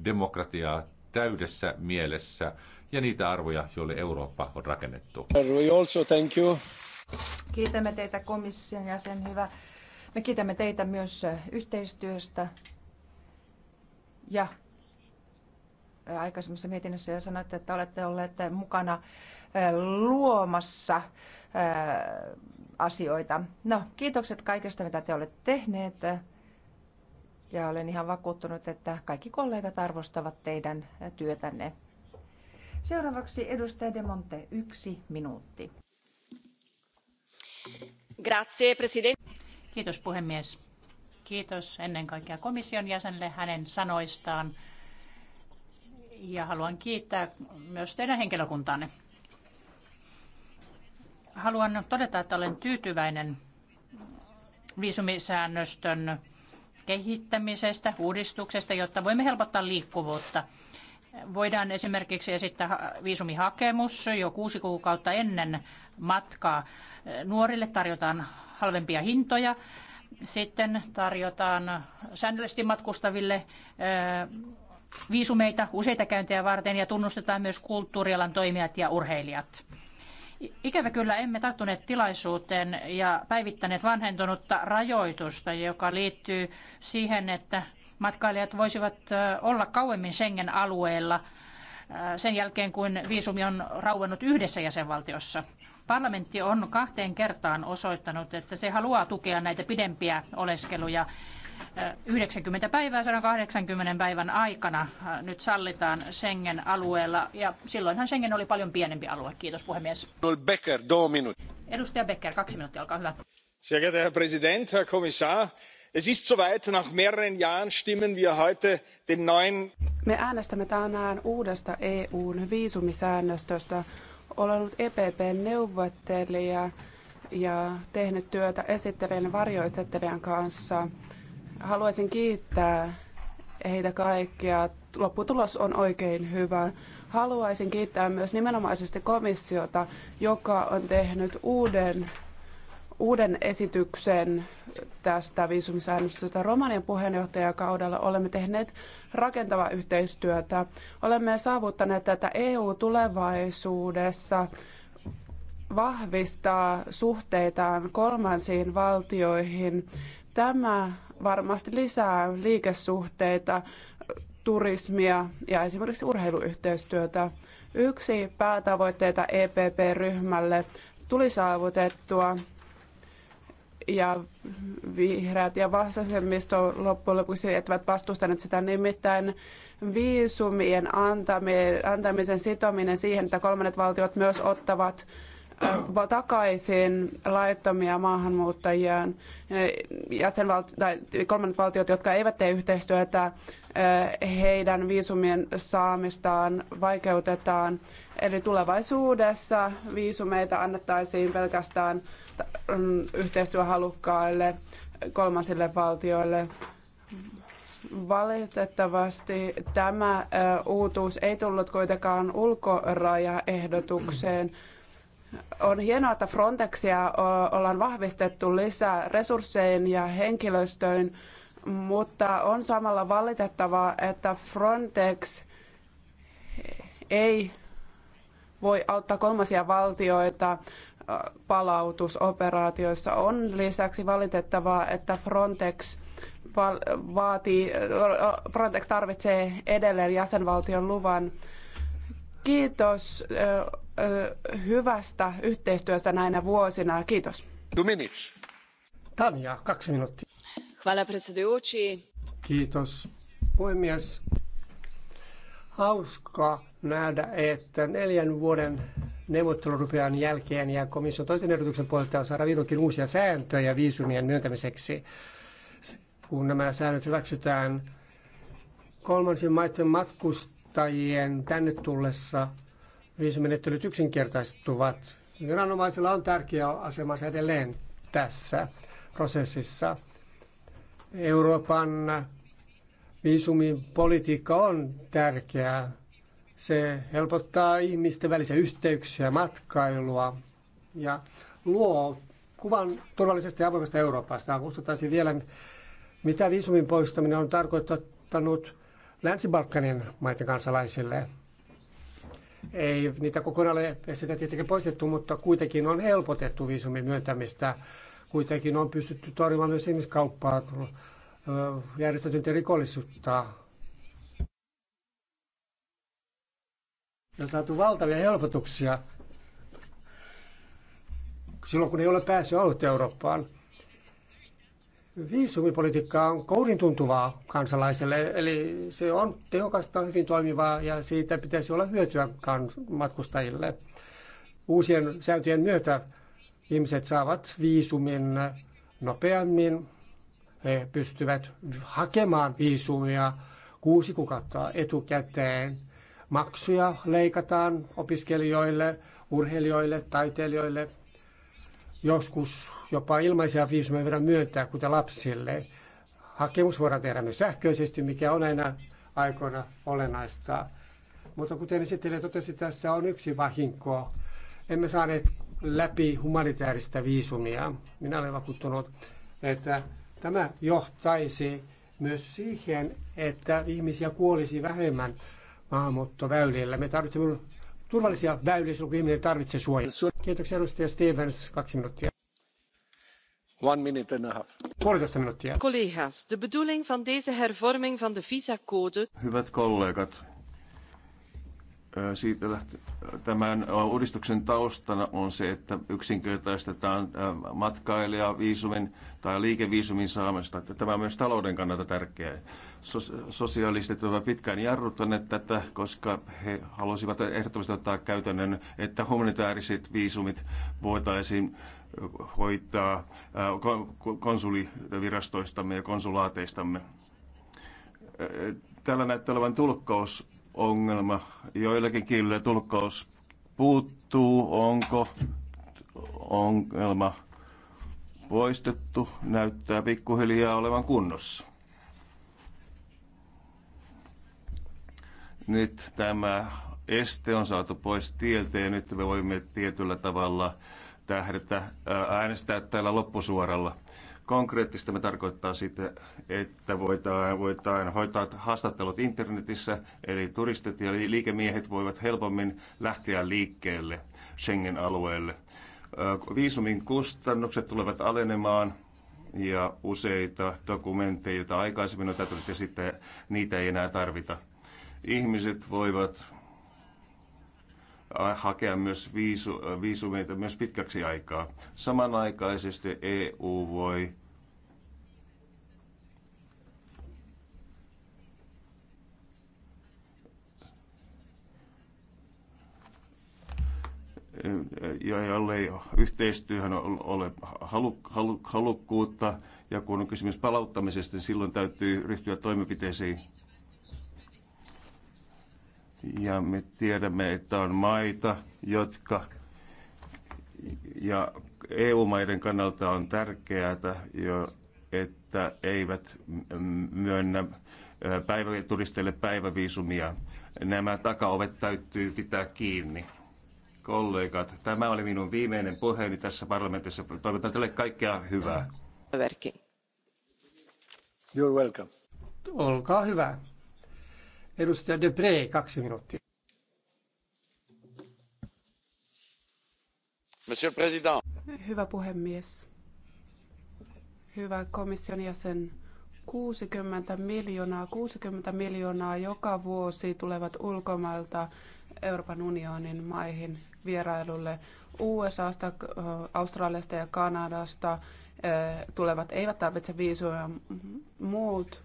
demokratiaa täydessä mielessä ja niitä arvoja, joille Eurooppa on rakennettu.
Kiitämme teitä komission jäsen, hyvä. Me kiitämme teitä myös yhteistyöstä ja aikaisemmassa mietinnössä jo sanoitte, että olette olleet mukana luomassa asioita. No, kiitokset kaikesta, mitä te olette tehneet. Ja olen ihan vakuuttunut, että kaikki kollegat arvostavat teidän työtänne. Seuraavaksi edustaja De Monte, yksi minuutti.
Grazie, Kiitos puhemies. Kiitos ennen kaikkea komission jäsenelle hänen sanoistaan. Ja haluan kiittää myös teidän henkilökuntaanne. Haluan todeta, että olen tyytyväinen viisumisäännöstön kehittämisestä, uudistuksesta, jotta voimme helpottaa liikkuvuutta. Voidaan esimerkiksi esittää viisumihakemus jo kuusi kuukautta ennen matkaa. Nuorille tarjotaan halvempia hintoja. Sitten tarjotaan säännöllisesti matkustaville viisumeita useita käyntejä varten ja tunnustetaan myös kulttuurialan toimijat ja urheilijat. Ikävä kyllä emme tarttuneet tilaisuuteen ja päivittäneet vanhentunutta rajoitusta, joka liittyy siihen, että matkailijat voisivat olla kauemmin Schengen-alueella sen jälkeen, kun viisumi on rauennut yhdessä jäsenvaltiossa. Parlamentti on kahteen kertaan osoittanut, että se haluaa tukea näitä pidempiä oleskeluja 90 päivää 180 päivän aikana nyt sallitaan Schengen-alueella. Ja silloinhan Schengen oli paljon pienempi alue. Kiitos puhemies. Becker, Edustaja Becker, kaksi
minuuttia, olkaa hyvä. Sehr geehrter Herr Präsident, Herr Kommissar. Es ist soweit, nach mehreren Jahren stimmen wir heute den neuen...
Me äänestämme tänään uudesta EUn viisumisäännöstöstä. Olen ollut EPPn neuvottelija ja tehnyt työtä esittelijän varjoesittelijän kanssa Haluaisin kiittää heitä kaikkia. Lopputulos on oikein hyvä. Haluaisin kiittää myös nimenomaisesti komissiota, joka on tehnyt uuden, uuden esityksen tästä viisumisäännöstöstä. Romanian puheenjohtajakaudella olemme tehneet rakentavaa yhteistyötä. Olemme saavuttaneet tätä EU-tulevaisuudessa vahvistaa suhteitaan kolmansiin valtioihin. Tämä varmasti lisää liikesuhteita, turismia ja esimerkiksi urheiluyhteistyötä. Yksi päätavoitteita EPP-ryhmälle tuli saavutettua ja vihreät ja vastasemmisto loppujen lopuksi eivät vastustaneet sitä nimittäin viisumien antamisen sitominen siihen, että kolmannet valtiot myös ottavat takaisin laittomia maahanmuuttajia, jäsenvalti- tai kolmannet valtiot, jotka eivät tee yhteistyötä, eh, heidän viisumien saamistaan vaikeutetaan. Eli tulevaisuudessa viisumeita annettaisiin pelkästään mm, yhteistyöhalukkaille kolmansille valtioille. Valitettavasti tämä eh, uutuus ei tullut kuitenkaan ulkorajaehdotukseen. mm on hienoa, että Frontexia ollaan vahvistettu lisää resurssein ja henkilöstöin, mutta on samalla valitettavaa, että Frontex ei voi auttaa kolmasia valtioita palautusoperaatioissa. On lisäksi valitettavaa, että Frontex vaatii, Frontex tarvitsee edelleen jäsenvaltion luvan. Kiitos hyvästä yhteistyöstä näinä vuosina. Kiitos. Tanja, kaksi minuuttia.
Hvala
Kiitos. Puhemies, hauska nähdä, että neljän vuoden neuvottelurupean jälkeen ja komission toisen ehdotuksen puolelta on saada vihdoinkin uusia sääntöjä viisumien myöntämiseksi. Kun nämä säännöt hyväksytään kolmansien maiden matkustajien tänne tullessa viisumenettelyt yksinkertaistuvat. Viranomaisilla on tärkeä asema edelleen tässä prosessissa. Euroopan viisumipolitiikka on tärkeää. Se helpottaa ihmisten välisiä yhteyksiä, matkailua ja luo kuvan turvallisesta ja avoimesta Euroopasta. Muistuttaisin vielä, mitä viisumin poistaminen on tarkoittanut Länsi-Balkanin maiden kansalaisille. Ei niitä kokonaan ole sitä tietenkin poistettu, mutta kuitenkin on helpotettu viisumin myöntämistä. Kuitenkin on pystytty torjumaan myös ihmiskauppaa, äh, järjestetyntä rikollisuutta. Ja saatu valtavia helpotuksia silloin, kun ei ole päässyt ollut Eurooppaan. Viisumipolitiikka on kourin tuntuvaa kansalaiselle, eli se on tehokasta, hyvin toimivaa ja siitä pitäisi olla hyötyä matkustajille. Uusien sääntöjen myötä ihmiset saavat viisumin nopeammin, he pystyvät hakemaan viisumia kuusi kuukautta etukäteen. Maksuja leikataan opiskelijoille, urheilijoille, taiteilijoille. Joskus jopa ilmaisia viisumia voidaan myöntää, kuten lapsille. Hakemus voidaan tehdä myös sähköisesti, mikä on aina aikoina olennaista. Mutta kuten esittelijä totesi, tässä on yksi vahinko. Emme saaneet läpi humanitaarista viisumia. Minä olen vakuuttunut, että tämä johtaisi myös siihen, että ihmisiä kuolisi vähemmän maahanmuuttoväylillä. Me tarvitsemme turvallisia väyliä kun ihminen tarvitsee suojaa. Kiitoksia edustaja Stevens, kaksi minuuttia. Puolitoista
Collega's, de bedoeling van deze hervorming van de visacode...
Hyvät kollegat, siitä tämän uudistuksen taustana on se, että yksinkertaistetaan matkailija viisumin tai liikeviisumin saamista. Tämä on myös talouden kannalta tärkeää sosialistit ovat pitkään jarruttaneet tätä, koska he halusivat ehdottomasti ottaa käytännön, että humanitaariset viisumit voitaisiin hoitaa äh, konsulivirastoistamme ja konsulaateistamme. Äh, Täällä näyttää olevan tulkkausongelma. Joillakin kielillä tulkkaus puuttuu. Onko ongelma poistettu? Näyttää pikkuhiljaa olevan kunnossa. Nyt tämä este on saatu pois tieltä ja nyt me voimme tietyllä tavalla tähdätä, äänestää täällä loppusuoralla. Konkreettista me tarkoittaa sitä, että voidaan, voidaan hoitaa haastattelut internetissä, eli turistit ja liikemiehet voivat helpommin lähteä liikkeelle Schengen-alueelle. Viisumin kustannukset tulevat alenemaan ja useita dokumentteja, joita aikaisemmin on täytynyt esittää, niitä ei enää tarvita Ihmiset voivat äh, hakea myös viisu, äh, viisumeita myös pitkäksi aikaa. Samanaikaisesti EU voi ja jollei yhteistyöhön ole halukkuutta, ja kun on kysymys palauttamisesta, niin silloin täytyy ryhtyä toimenpiteisiin. Ja me tiedämme, että on maita, jotka ja EU-maiden kannalta on tärkeää, että eivät myönnä päiväturisteille päiväviisumia. Nämä takaovet täytyy pitää kiinni. Kollegat, tämä oli minun viimeinen puheeni tässä parlamentissa. Toivotan teille kaikkea hyvää.
You're welcome. Olkaa hyvä. Edustaja Debre, kaksi minuuttia.
Monsieur
President.
Hyvä puhemies. Hyvä komission jäsen. 60 miljoonaa, 60 miljoonaa joka vuosi tulevat ulkomailta Euroopan unionin maihin vierailulle. USAsta, Australiasta ja Kanadasta eh, tulevat eivät tarvitse viisumia, muut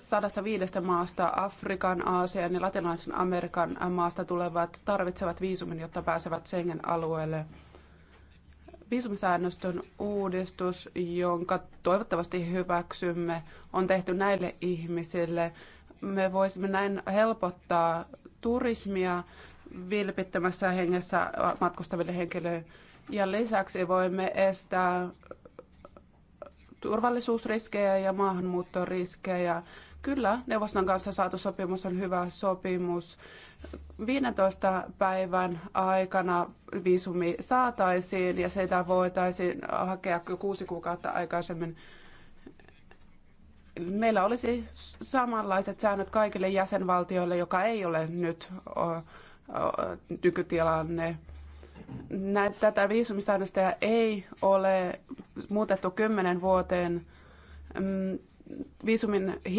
105 maasta, Afrikan, Aasian ja Latinalaisen Amerikan maasta tulevat tarvitsevat viisumin, jotta pääsevät Schengen-alueelle. Viisumisäännöstön uudistus, jonka toivottavasti hyväksymme, on tehty näille ihmisille. Me voisimme näin helpottaa turismia vilpittömässä hengessä matkustaville henkilöille. Ja lisäksi voimme estää turvallisuusriskejä ja maahanmuuttoriskejä. Kyllä, neuvoston kanssa saatu sopimus on hyvä sopimus. 15 päivän aikana viisumi saataisiin ja sitä voitaisiin hakea kuusi kuukautta aikaisemmin. Meillä olisi samanlaiset säännöt kaikille jäsenvaltioille, joka ei ole nyt nykytilanne. Näitä, tätä viisumisäännöstä ei ole muutettu kymmenen vuoteen. Mm, viisumin hinta